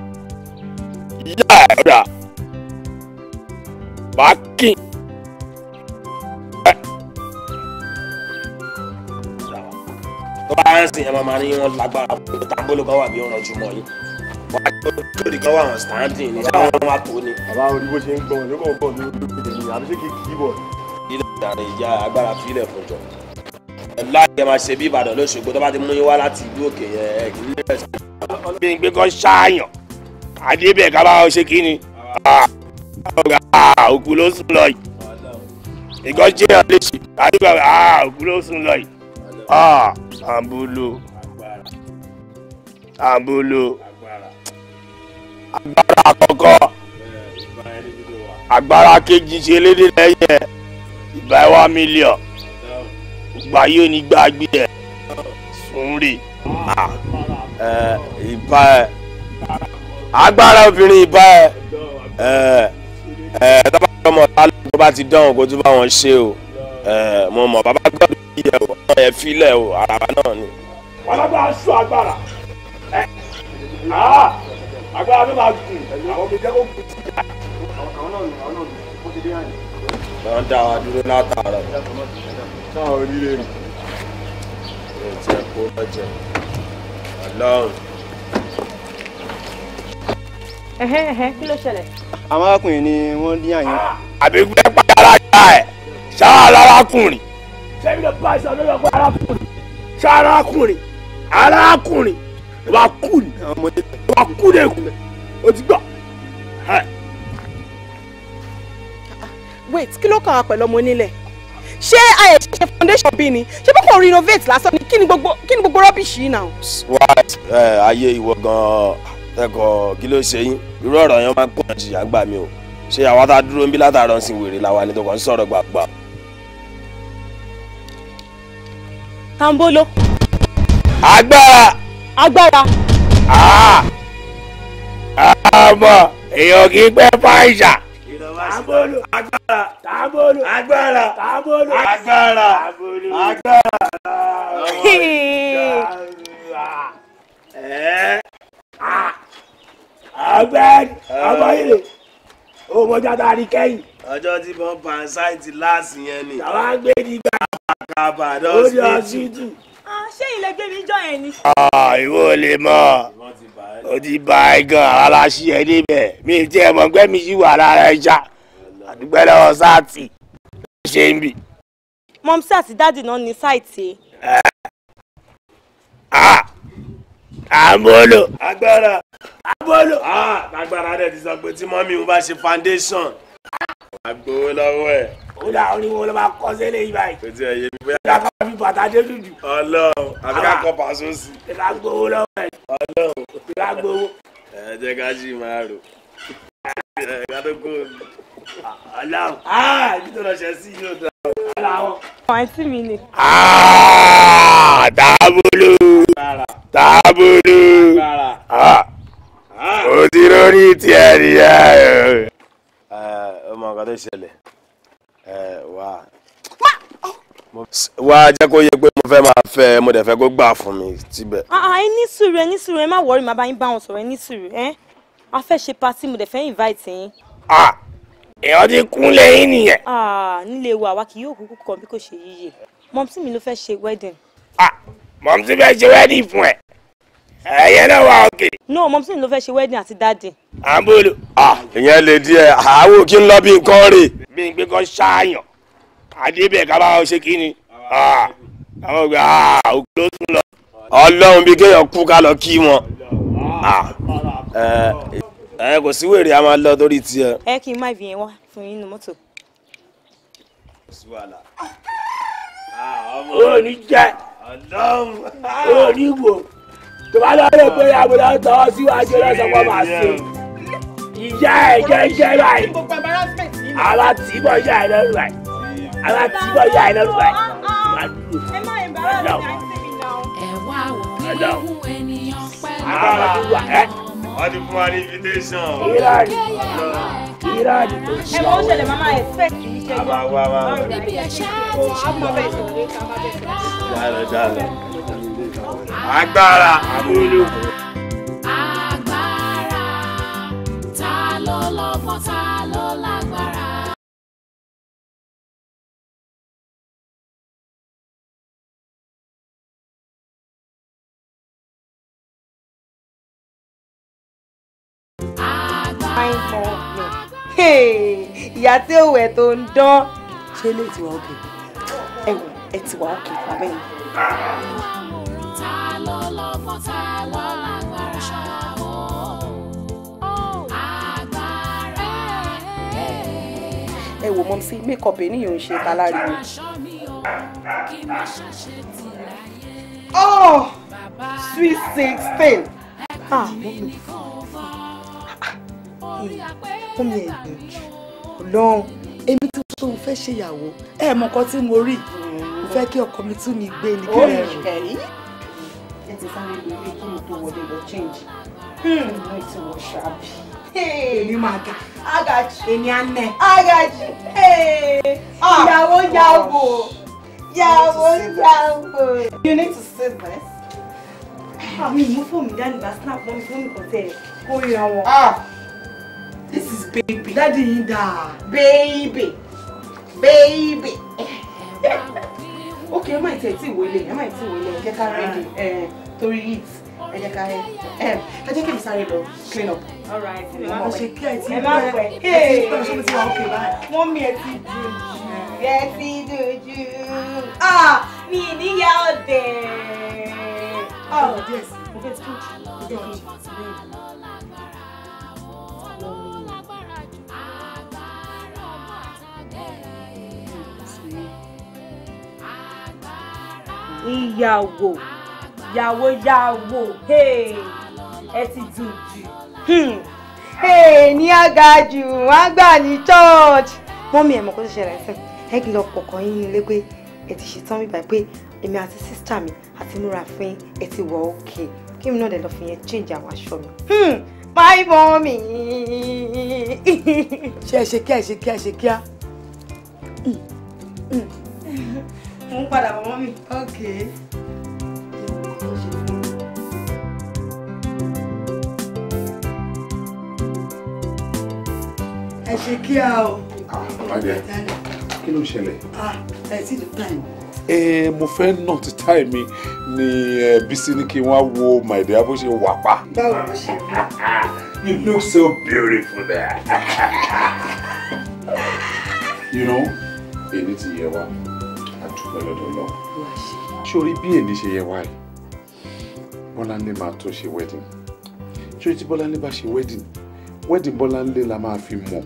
ìyá ẹ̀ ọ̀dà kí. tó bá ń sìn ẹ̀ máa ma ní wọn lágbára tó tàbí olùkọ́ wà bí ọ̀rọ̀ jùmọ̀ yìí wá lórí kan wà hàn standing ní sáwọn ọmọ àtò ni. bàbá orí ṣe ń gbọ́n ní kò ní orí ìdè ní àbíṣe kí bọ̀. ilé ìdáná ìjà agbára fílẹ̀ fún jọ. láàyè máa ṣe bí Ìbàdàn lóṣogbo tó bá ti mú yín wá láti ìlú òkè yẹn ìlú ẹ̀ ṣe. gbé kan ṣáàyàn àdébẹ̀ ká bá ọ ṣe kí ni. òkú ló sùn lọ yìí. ìkan jẹ́ ọ àdébẹ̀ àbúlò agbára àkọ́kọ́ agbára kejì ṣe lédè lẹ́yìn ẹ̀ ìgbà ẹwà mílíọ̀n ìgbà yóò ní gbàgbé ẹ̀ sunri ìbá ẹ̀ agbára obìnrin ìbá ẹ̀ ẹ̀ tọ́ba ọmọ tálẹ̀ tó bá ti dán òkú tó bá wọn ṣe o mo mọ̀ bàbá gbọ́dọ̀ bí ẹ̀ o ọ̀nà ẹ̀ filẹ̀ o àràbà náà ni. alágbára sọ agbára agbára mi máa gùn àwọn mi jẹ́ kó gùn sí ìyá. àwọn náà àwọn náà kó ti dé àná. wọ́n dá wa dúró látàárọ̀. táwọn onílé mi. ẹ jẹ kó lọ jẹ Ọlọ́run. ẹhẹ ẹhẹ kí ló ṣẹlẹ̀. àwọn arákùnrin ni wọ́n ní àyàn. Ah! àbí gbẹ́ pàdánù àjà ẹ̀ ṣáà lárakùnrin. sẹ́yìn lè bá ìṣàlóyún ọgbà arákùnrin ṣáà arákùnrin arákùnrin wà kú ni wà kú ni èkú o ti gbà. wait kí ló kàn wá pẹ̀lú ọmọ onílẹ̀ ṣé ayé ṣe foundation bí ni ṣé bó kò renovate lásán ni kí ni gbogbo kí ni gbogbo rubbish yìí náà. wá ẹ ayé ìwọ gan-an ẹkọ kí ló ṣe yín irú ọ̀rọ̀ yẹn máa ń pọ̀ jìyà gbà mí o ṣé àwa tá a dúró ń bí látàárọ̀ ń sin wèrè làwa ni tó kàn ń sọ̀rọ̀ gbàgbà. tambolo. agbára agbára. àmọ́ ah! ah, èèyàn kì í pẹ́ fáìsà. tàbólù agbára tàbólù agbára tàbólù agbára agbára. ọgbẹ́ni ọmọ ilé ọmọjà tá a rí kẹ́yìn. ọjọ́ tí wọ́n pa ṣáìtì láàsì yẹn ni. àwọn agbẹ́ni gbà. kàbàdàn sí jù. Ah, ṣé ilé gbé mi jọ yẹn ni. Ah, ìwọ lè mọ o ti bá ẹ gan ara ṣí ẹ níbẹ̀ mi ti ẹ mọ̀ pé mi yí wà lára ẹja àdúgbò lọ́wọ́ sáàtì ló ṣe ń bì. mọ̀mísí àti dáàdì náà ní sáìtì. Ah, àmọ́lò agbára àmọ́lò. agbára rẹ̀ ti sọ pé tí mọ́mí mi bá ṣe foundation àgbowó lọ́wọ́ ẹ̀ ó dà oníwó ló máa kọ́ sílé yìí báyìí. ètò ẹ̀yẹ mi bóyá. ìyá kan fi bàtà dé dùdù. ọlọ́run àbí ká kọ pàṣọ sí. ìlà gbowó lọ́wọ́ ẹ̀. ọlọ́run ìlà gbowó. ẹ jẹ́ ká ṣì máa rò. ẹ ká tó kó o. ọlọ́run aa ibi tó lọ ṣe sí yóò dá o. aláwọ̀. àǹtí mi ni. tábùlù tábùlù òtí lórí tiẹ̀ nìyẹn. ọmọ nǹkan tó ṣẹlẹ̀ wá jẹ́ kó yẹ pé mo fẹ́ máa fẹ́ mo dẹ̀ fẹ́ kó gbà fún mi síbẹ̀. Ah, ah, ẹ ní sùúrù ẹ ní sùúrù ẹ má wọrí màá bá yín bá wọn sọ̀rọ̀ ẹ ní sùúrù ẹ a fẹ́ ṣe patí mo dẹ̀ fẹ́ invite yín. èèyàn ti kún lẹ́yìn nìyẹn. nílé wa wa kì yóò kúkú kàn bí kò ṣe yíyẹ mọ̀mísí mi ló fẹ́ ṣe wedding. mọ̀mísí fẹ́ ṣe wedding fún ẹ ẹyẹ náà wà òkè. no mọ̀mísìn ló fẹ́ ṣe wedding àti dáàdì. à ń bolo. ìyẹn lè díẹ̀ àáwò kí n lọ bí nǹkan rè. bí n gbé kan ṣáàyàn àdébẹ̀ ká bá wọn ṣe kí ni àwọn ògbà òkè ló tún lọ. ọlọ́run bí kéèyàn kú ká lọ kí wọn. ẹ kò sí wèrè a máa lọ torí tiẹ̀. ẹ kí n má fi yẹn wá fún yín ní mọ́tò. ó ní jẹ́ ó ní wò tó bá lọ́ọ́ pé àbúrò tọ́wọ́ síwájú lọ́sàn pọ̀ máa ṣe ìyá ẹ̀ jẹ́jẹ́ báyìí àwa tí bọ̀ yá ẹ̀ lọ́rùn báyìí àwa tí bọ̀ yá ẹ̀ lọ́rùn báyìí máa dúró ọjọ́ ọjọ́ àwọn àdúgbò ẹ̀. wọ́n ti fún wa ní invitation. ìrọ̀lì ìrọ̀lì tó ṣe àwọn. ẹ mọ̀ ń mama ẹ̀ fẹ́ kì í ṣe. àbá wa wa wa. ọmọ bẹ́ẹ̀ ṣe kí ká má bẹ́ẹ̀. dáadáa dáadáa agbára amúlòkọ. agbára ta ló lọ́gbọ́n ta ló lágbára. ìyá tí ò wẹ̀ tó ń dán ṣé lè tiwa òkè ẹ̀wọ̀n ẹ̀ tiwa òkè bàbá yìí. Eh. ẹ wò mọ́mísí makeup ẹ̀ níyàn ń ṣe taláriwo. oh sweet sixteen. ah mọ́mí mọ́mí ẹ̀ gbìyànjú ọlọ́run èmi tí tó ń fẹ́ ṣèyàwó ẹ̀ mọ̀ kan tí mo rí mo fẹ́ kí ọkọ mi tún mi gbé ní kí sáré yàwó yàwó yàwó. you need to save this. Ah, mi mú fóònù dání bá snap mọ́ mi fóònù tẹ̀ kó ríra wọn. Ah. this is baby. dádì yín dáa. baby baby. [LAUGHS] ok ẹ má ì tẹ̀ tí ìwọlé ẹ má ì tí ìwọlé ẹ jẹ́ rẹ́dì torí heat ẹ jẹ́ ká ẹ ẹ jẹ́ kí mi sáré lọ clean up. mo ṣe kí ẹ ti bẹ́ẹ̀ ẹ ti bẹ́ẹ̀ ṣé mo ti wà ókè báyìí. wọ́n mi ẹ ti dùn jù ẹ ti dùn jù ah, mi níyà ọ̀dẹ̀. ọ̀rọ̀ ah, díẹ̀ oh, sí mo fẹ́ tún ojú ọ̀rọ̀ sí i. ìyàwó yàwó yàwó ẹ ti dùn jù. Hmm. ní agajù wọn á gbà ní church wọ́n mi ẹ̀ mọ̀ kó tó ṣẹlẹ̀ sí ẹ kì í lọ pọ̀ kan yín nílé pé ẹ ti ṣetán bíbá pé èmi àti sísítà mi àti múra fún ẹ ti wọ̀ òkè kí mi náà dẹ̀ lọ fi yẹn change àwọn aṣọ mi. my hmm. mommy. ṣe é ṣe kíá ṣe kíá ṣe kíá. mo ń padà bọ̀ mọ́ mi. okay. ẹ ṣe kí a o. àbájá ah, kí ló ṣẹlẹ̀. Ah, ẹ ti lè tán yìí. Eh, mo fẹ́ nà ti time. mi ni Bísí ní kí wọ́n wo my dear bó ṣe wà pa. báwo ló ṣe bí. you look so beautiful there. you know èmi ti yẹ wa àdúgbò lọ́dọ̀ lọ. sórí bí èmi ṣe yẹ wa yìí Bọ́láńlé máa tó ṣe wedding sórí tí Bọ́láńlé bá ṣe wedding wẹ́ẹ̀dì Bọ́láńlé la máa fi mọ̀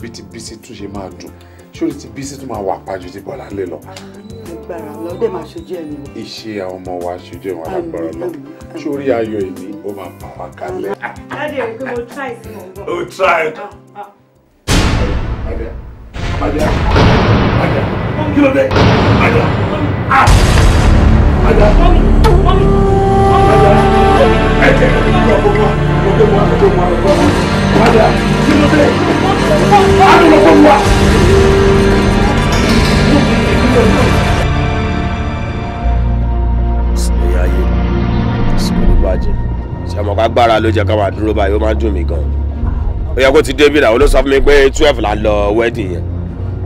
bí ti Bísí tún ṣe máa dùn ṣé o ti Bísí tún máa wà pàjù ti Bọ́láńlé lọ. agbára lọ́dẹ̀ máa ṣojú ẹni o. iṣẹ́ àwọn ọmọ wa ṣojú ẹ̀wọ̀n alágbára lọ sórí ayọ̀ ìní ó máa pa wá kalẹ̀. láti rí i pé mo try sí mo ń bọ̀. o try. Adé Adé Adé kí ló dé Adé Adé Adé ẹ̀jẹ̀ ló ń bọ̀ gbogbo wa gbogbo wa gbogbo wa. Wájà, kí ló dé? A ló lọ fún wa. Sinmi ayé, sinmi bàjẹ́. Ṣàmọ̀ká gbára ká máa dúró báyìí, ó máa dùn mí gan. Ó yẹ kó ti dé bí ló sọ fún mi pé twelve là lọ wedding yẹn.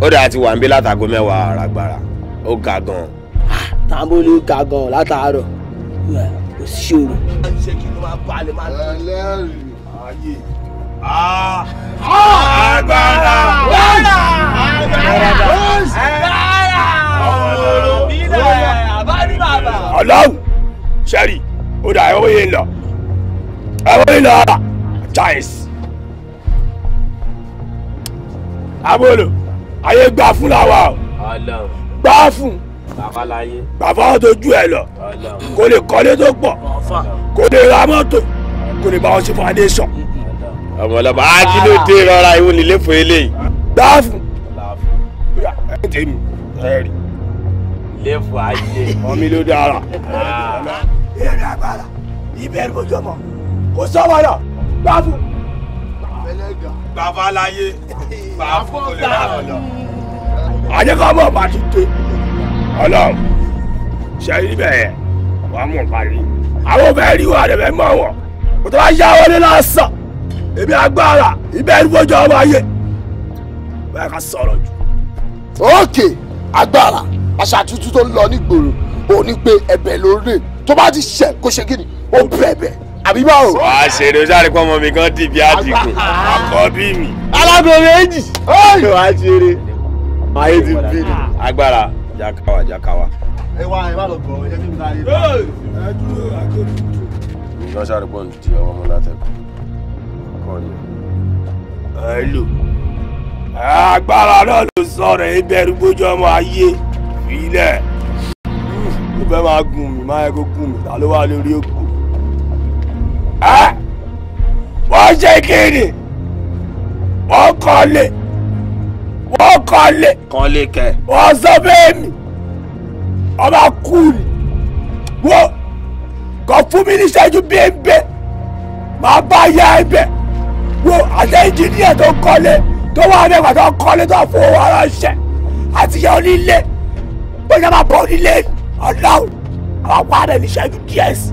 Ó dáa ti wà ń bí látago mẹ́wàá àràgbára. Ó ga gan. Tábólú ga gan látàárọ̀. Kò sí ṣòro. Ṣé kí ló máa bá a lè máa lọ? Ẹlẹ́rìí ayé agbára agbára agbára ọlọ́wù sẹ́rí ó dà ẹ̀wọ́ yẹn lọ ẹ̀wọ́ yẹn lọ ara giants abolo ayé gbà fún làwa o gbà fún bàbá dojú ẹ lọ kò lè kọ́lé tó pọ̀ kò lè ra mọ́tò kò lè bá wọn ṣe foundation ọmọlọmọ á ah, kí ló dé rọra ìwọ nílé fún eléyìí. láàfù láàfù ẹ tèmi ẹ rí. lẹ́fù ayé. ọmọ ilé dára. Ah. ìrìn àgbàlá ìbẹ̀rù ojú ọmọ kò sọ́wọ́ náà láàfù. bàbá láyé bàbá kò lè rà lọ. àyẹ̀kọ́ bọ̀ bá ti dé ọlọ́run ṣe ibẹ̀ yẹn wàá mọ̀ parí àwọn bẹ́ẹ̀ rí wà lẹ́fẹ̀ẹ́ mọ̀ wọ̀ kò tó bá yá wọlé lásán èmi agbára ibẹ̀ ni wọ́n jọ ọmọ ayé báyìí ká sọ̀rọ̀ jù. òkè agbára àṣà tuntun tó ń lọ nígboro òní pé ẹ̀bẹ̀ lóore tó bá ti ṣẹ kó ṣe kí ni ó bẹ̀bẹ̀ àbí báwo. wà á ṣe eré sáré pọ́n mọ́ mi kan dìbí àdìgún àkọ́bí mi. alábẹ̀rẹ̀ méjì. ọ̀hún wàá ṣe eré ayé ti bí ni. agbára jakawa jakawa. ẹ wá ẹ má lọ gbọ́ ẹ jẹ́ kí n ta ayé. ẹ dúró àkókò. ìgbà sáré pọ́n ti ọmọ mọ́ látẹ̀kọ́ kan ni. ẹlò agbára náà ló sọ̀rọ̀ ìbẹ̀rù bójú ọmọ ayé ìfilẹ̀ ló fẹ́ máa gùn mí máa yẹ kó gùn mí ta ló wà lórí òkú. wọ́n ṣe kíni wọ́n kọ́lé wọ́n kọ́lé kọ́lé kẹ́ wọ́n sọ bẹ́ẹ̀ mi ọba kúùlì wọ́n kọ́ fún mi níṣẹ́jú bíi ń bẹ́ẹ̀ máa bá yá ẹ bẹ́ẹ̀ wo àti ẹnjìníà tó kọ́lé tó wà rẹwà tó kọ́lé tó fowó ara ṣẹ àti ìyá onílé bóyá máa bọ onílé ọlọ́run àwọn àpárẹ̀ ní ṣẹ́jú díẹ̀ sí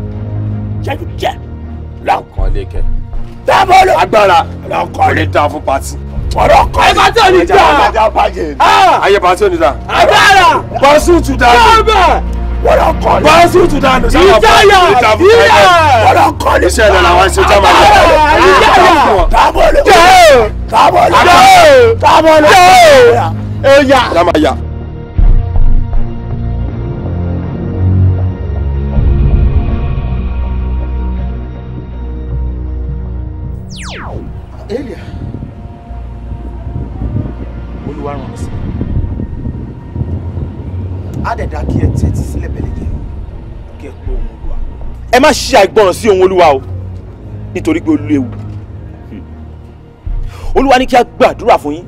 ṣẹ́jú díẹ̀ lọ́kànlé kẹ. dábọ̀ lọ agbára lọ́kànlé dá fún pati ọ̀rọ̀ kọ́ ẹ̀ pàtó ní dáa ayé pàtó ní dáa agbára pàṣẹ tù dáa wọ́n kọ́ ni. bá a sì tún dànù sábà fún mi níta fún mi. wọ́n kọ́ ni. iṣẹ́ ìlànà àwọn ṣe jáma ní. tábọ̀lù tábọ̀lù tábọ̀lù ẹ̀yà. jáma yà. Elia olúwa ràn sí. Adẹ̀dá kí ẹ ẹ má ṣe àìgbọràn sí ohun olúwa o nítorí pé olúwa ewu olúwa ní kí a gbàdúrà fún yín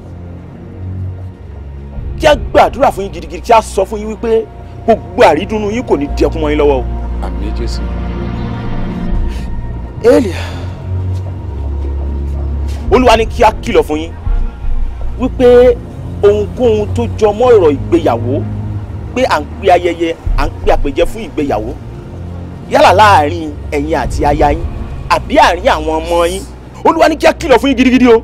kí a gbàdúrà fún yín gidigidi kí a sọ fún yín wípé gbogbo àrídùnnú yín kò ní dẹkun mọ́ yín lọ́wọ́ o. àmín jésù. elia olúwa ní kí a kìlọ̀ fún yín wípé ohunkóhun tó jọ mọ́ ọ̀rọ̀ ìgbéyàwó pé à ń pe ayẹyẹ à ń pe àpèjẹ fún ìgbéyàwó yálà láàrin ẹ̀yin àti aya yín àbí àárín àwọn ọmọ yín olúwa ní kí á kìlọ̀ fún yín gidigidi o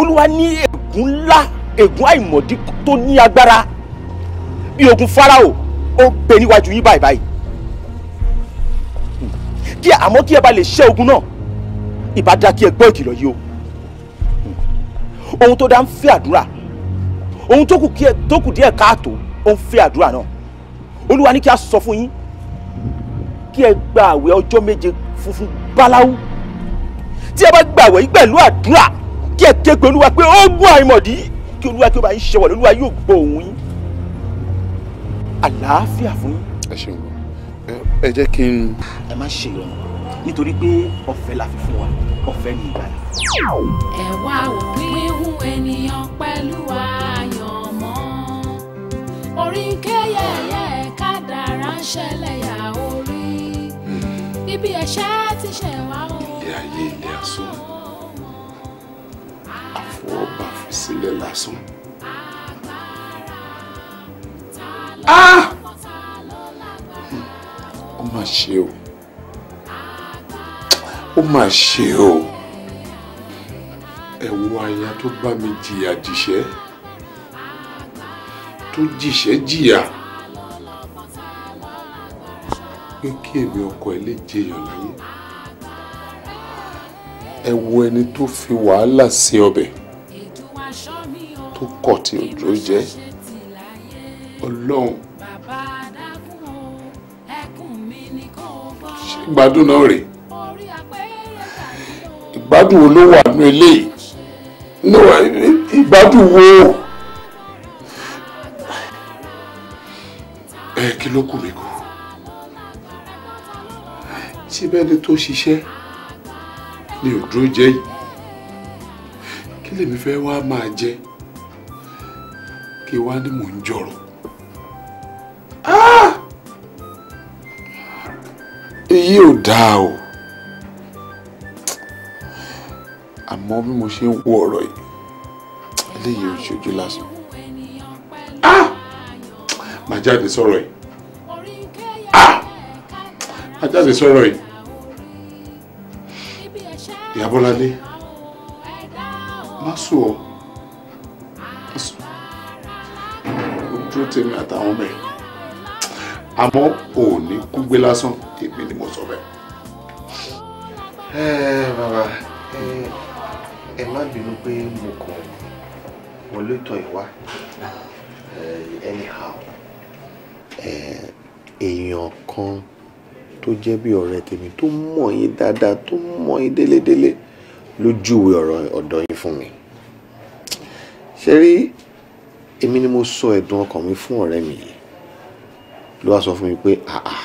olúwa ní ègún ńlá ègún àìmọ̀dí tó ní agbára bí ogun farao ó bẹ níwájú yín báyìí báyìí kí àmọ́ kí ẹ bá lè ṣẹ́ ogun náà ìbá dá kí ẹ gbọ́ ìkìlọ̀ yìí o ohun tó dá ń fẹ́ àdúrà ohun tó kù díẹ̀ káàtó ó ń fẹ́ àdúrà náà olúwa ní kí a sọ fún yín kí ẹ gba àwẹ̀ ọjọ́ méje funfun báláwú tí ẹ bá gba àwẹ̀ yìí pẹ̀lú àdúrà kí ẹ ké pe olúwa pé ogun àìmọ̀dí kí olúwa kí ó bá yín ṣe wọ̀lú olúwa yóò gbọ́ òun yín àlàáfíà fún yín. ẹ ṣeun ẹ jẹ́ kí n. ẹ má ṣe ìrọ̀rùn nítorí pé ọ̀fẹ́ la fi fún wa ọ̀fẹ́ ni ìgbàlà. ẹ wá wíwún ènìyàn pẹ̀lú ayọ̀ mọ́ orí kéyẹ̀yẹ̀ kádàrá ń ṣẹlẹ̀ yàwó níbi ẹ̀ṣẹ̀ ti ṣẹ̀ wá o. ilé ayé ilé asán àfọwọ́bà sílẹ̀ lásán. Ah! ó mà ṣe o ó mà ṣe o ẹ̀wọ̀ aya tó bá mi jìyà jìṣẹ́ tó jìṣẹ́ jìyà pé kí èmi ọkọ ẹ lè jẹyàn láyé ẹ wo ẹni tó fi wàhálà sí ọbẹ̀ tó kọ̀ tí òjò jẹ́ ọlọ́run ṣé ìgbádùn náà rèé ìgbádùn wo ló wà nínú eléyìí ìgbádùn wo. ẹ kí ló kù mí kọ ṣé bẹ́ẹ̀ ni tó ṣiṣẹ́ ni ò dúró jẹ́ yìí kí lèmi fẹ́ wá máa jẹ kí wá ní mò ń jọ̀rọ̀ ah! èyí ò dáa o àmọ́ bí mo ṣe ń wo ọ̀rọ̀ yìí eléyìí ò ṣojú lásán ah! má jáde sọ̀rọ̀ yìí ajáde sọ̀rọ̀ yìí ìyàbọ̀ládé má sùn ọ́ má sùn ó dúró tèmi àtàwọn ọmọ ẹ̀ àmọ́ ò ní kú gbé lásán èmi ni mo sọ bẹ́ẹ̀. ẹ bàbá ẹ má bínú pé mo kàn wọlé tọ̀ ìwá anyhow èèyàn kan. Eh, tó jẹ́ bí ọ̀rẹ́ tèmi tó mọ̀ yín dáadáa tó mọ̀ yín délédélé ló júwe ọ̀rọ̀ ọ̀dọ̀ yín fún mi. ṣé rí èmi ni mo sọ ẹ̀dùn ọkàn mi fún ọ̀rẹ́ mi yìí ló wá sọ fún mi pé àà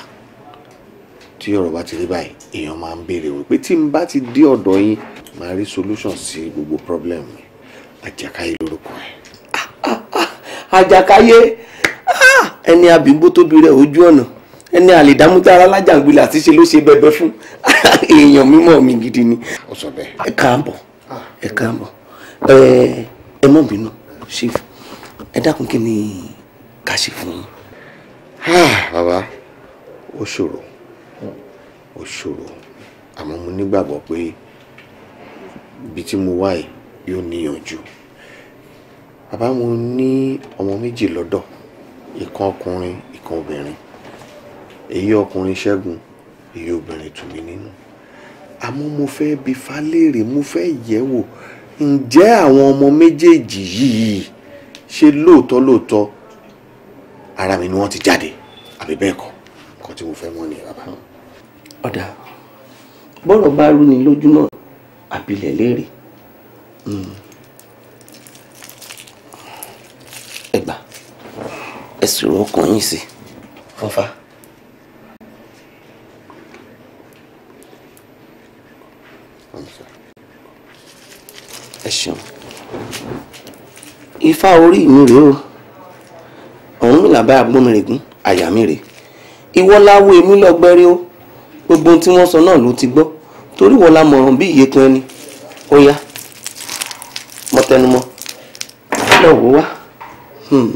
tí ọ̀rọ̀ bá ti rí báyìí èèyàn máa ń béèrè wípé tí n bá ti dé ọ̀dọ̀ yín màá rí solution sí gbogbo problem mi àjàkáyé lórúkọ ẹ̀. Ah, ah, ah, àjàkáyé ẹni àbígbó tóbi rẹ̀ ojú ọ̀nà ẹni àlèdámútà alájà ń gbilẹ̀ àti ṣe ló ṣe bẹbẹ fún èèyàn mímọ́ mi gidi ni. ó sọ bẹ́ẹ̀. ẹ káàbọ̀ ah. ẹ káàbọ̀ ẹ ẹ mọ̀ bínú chief ẹ dákun kí ni ká ṣe fún yín. Ah, bàbá ó ṣòro ó ṣòro àmọ́ mo nígbàgbọ́ pé ibi tí mo wà yìí yóò níyànjú bàbá mo ní ọmọ méjì lọ́dọ̀ ìkan ọkùnrin ìkan obìnrin èyí ọkùnrin ṣẹ́gun èyí obìnrin tù mí nínú àmọ́ mo fẹ́ bi falẹ́rẹ̀ mo fẹ́ yẹ̀ wò ǹjẹ́ àwọn ọmọ méjèèjì yìí ṣe lóòótọ́ lóòótọ́ ara mi ni wọ́n ti jáde àbí bẹ́ẹ̀ kọ́ nǹkan tí mo fẹ́ mọ̀ nìyẹn bàbá. ọ̀dà bọ́rọ̀ bá rú ni lójú náà àbílẹ̀ léèrè hmm. ẹgbà ẹ sọ̀rọ̀ ọkàn yín sí fọ́fà. ẹ ṣeun ifá orí mi rèé o ọ̀hún mi làbá agbómi rè gún àyà mi rèé ìwọ láwo èmi lọ́gbẹ́rí o gbogbo ohun tí wọ́n sọ náà ló ti gbọ́ torí wọ́n la mọ̀ràn bí iye kan ẹni ó yá mọ̀tẹnumọ́ lọ́wọ́ wá. Hmm.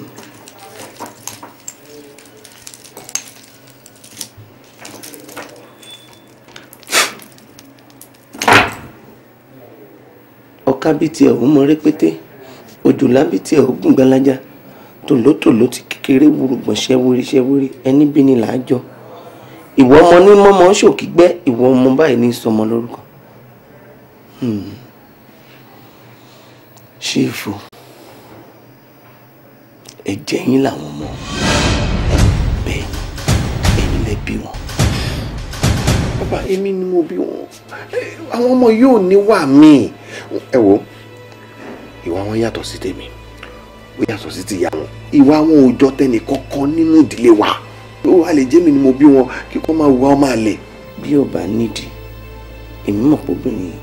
ọká bíi tiẹ̀ ò mọ rẹpẹtẹ òjòlá bíi tiẹ̀ ò gùn gbalaja tòlótòló ti kékeré wúrùgbọ̀n ṣẹ́wórí ṣẹ́wórí ẹni bí ni làájọ ìwọ ọmọ ní mọ́mọ́ ń ṣòkígbẹ́ ìwọ ọmọ báyìí ní sọmọ lórúkọ. Hmm. ṣéèfù ẹ̀jẹ̀ yín làwọn ọmọ bẹ́ẹ̀ ẹ̀yin lẹ bí wọn. bàbá èmi ni mo bí wọn àwọn ọmọ yóò níwà míì ẹ wo ìwà wọn yàtọ̀ sí tèmi ó yàtọ̀ sí ti ìyá wọn ìwà wọn ò jọ tẹnì kankan nínú ìdílé wa ó wà lè jẹ́ mi ni mo bí wọn kí kọ́ máa wà ọ́ máa lẹ̀. bí o bá nídìí èmi mọ̀ pé obìnrin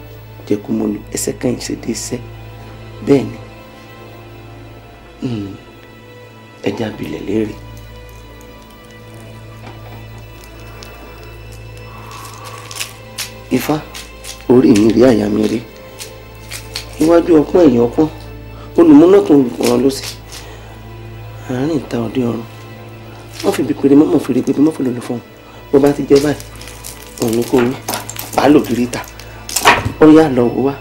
jẹ́ kó mo lu ẹsẹ̀ kan ṣe dé iṣẹ́ bẹ́ẹ̀ ni hmm, ẹja bilẹ̀ léèrè. ifá orí mi rí àyà mi rí iwájú ọpọ́n ẹ̀yìn ọpọ́n olùmúlọ́tún olùkọ́rọ́ ló sì àárín ìta òde ọ̀run wọ́n fi bìpèrè mọ́mọ́ fèrè pépé mọ́fò lòlò fún un bó bá ti jẹ́ báyìí òun ni kò rí pàálò kiri ta ó yá lọ wò wá.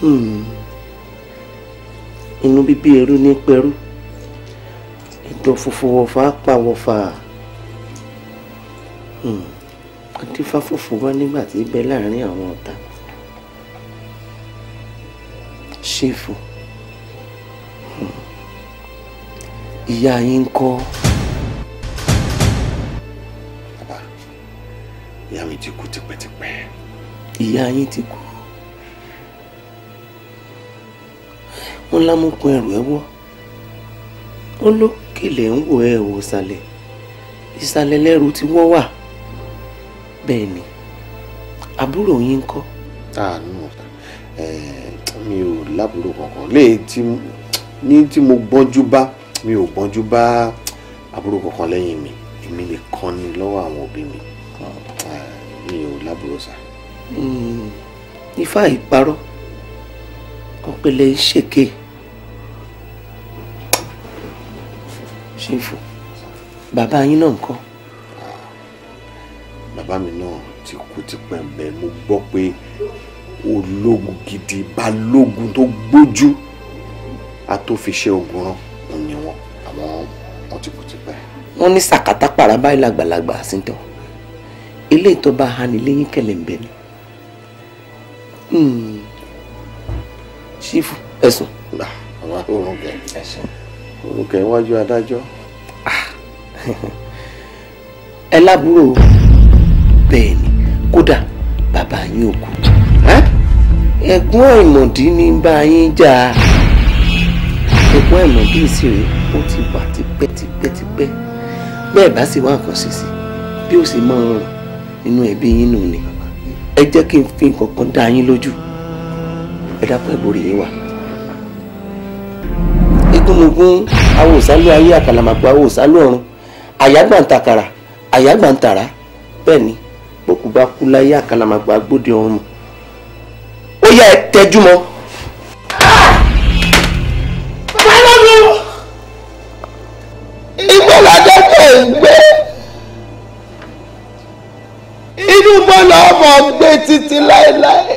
Hmm. inú bíbí ẹrú ní pẹrú ẹ̀dọ̀ funfun wọ̀fà pa wọ̀fà hmm. àdífáfòfò wá nígbà tí bẹ láàrin àwọn ọ̀tá. Hmm. ṣèfò ìyá yín ń kọ́. bàbá ìyá mi ti kú tipẹ́tipẹ́. ìyá yín ti kú. wọ́n lámúkun ẹrù ẹ wọ́ wọ́n lókèlè ń wò ẹ wò sàlẹ̀ ìsàlẹ̀ lẹ́rù tí wọ́n wà bẹ́ẹ̀ ni àbúrò yín kọ́. àánú ẹ mi ò lábúrò kankan léyìí tí ní tí mo gbọ́njú bá mi ò gbọ́njú bá àbúrò kankan lẹ́yìn mi èmi nìkan ni lọ́wọ́ àwọn òbí mi hmm. ah, mi ò lábúrò sá. Hmm. ifá ìparọ́ ọ̀pẹ̀lẹ̀ ìṣèké ṣèfò bàbá yín náà ńkọ́. Ah, bàbá mi náà ti kú tipẹ́ bẹ́ẹ̀ mo gbọ́ pé ológun gidi balógun tó gbójú atófiṣẹ́ ogun rán òun ni wọn àwọn wọn ti kú tipẹ́. wọn ní sàkátà pàrà báyìí làgbàlagbà àsìntàn ilé ìtọ́ba ahanilẹ́yìn kẹlẹ̀ǹbẹ̀ ni ṣífù ẹ̀sùn. orúkẹ orúkẹ iwájú adájọ́. Ah. ẹ lábúrò bẹ́ẹ̀ ni kódà bàbá yín ò kú ẹ̀gbọ́n ìmọ̀dí ní bá yín jà ẹ̀gbọ́n ìmọ̀dí ìsìrè ó ti wà tipẹ́tipẹ́tipẹ́ bẹ́ẹ̀ bá sì wá nǹkan ṣe sí bí ó sì máa ń rùn nínú ẹbí yín nù ni ẹ jẹ́ kí n fi nǹkan kan dá yín lójú ẹ dákun ìborí yín wà. igúnmugún awo òsálú ayé àkàlàmàgbà awo òsálú ọ̀run àyágbà ń takàrà àyágbà ń tàrà bẹ́ẹ̀ ni bókù kú láyé àkàlàmàgbà gbòde bóyá ẹ tẹjú mọ́. bàbá yóò lọ ìgbọ́lájọ́ tẹ̀ ń gbé inú mọ́lá ọmọ gbé títí láéláé.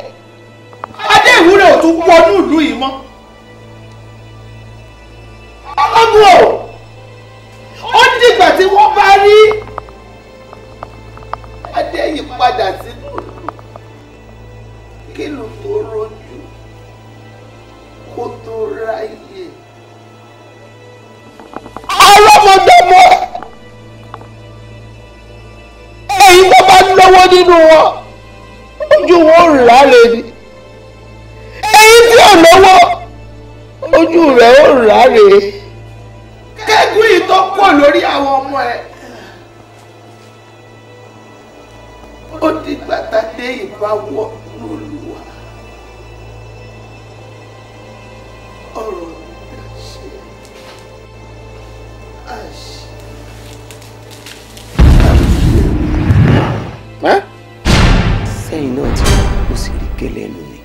adé ìwúrẹ́ ò tún wọnú ìlú yìí mọ́. ọlọ́gbọ̀n ó dìgbà tí wọ́n bá rí adé yìí padà sí kéèlò tó rojú kó tó ráyè. ọlọ́mọdọ́mọ èyí tó bá lọ́wọ́ nínú wọn ojú wọn ò rálẹ̀ ni èyí tí ò lọ́wọ́ ojú rẹ̀ ò rálẹ̀. kẹ́gùn yìí tó pọ̀ lórí àwọn ọmọ ẹ̀. ó di gbàtà dé ìbáwọ̀ lólu. ọ̀rọ̀ àṣẹ àṣẹ. sẹ́yìn náà tí mo sì rí gẹ́lẹ́ nù ni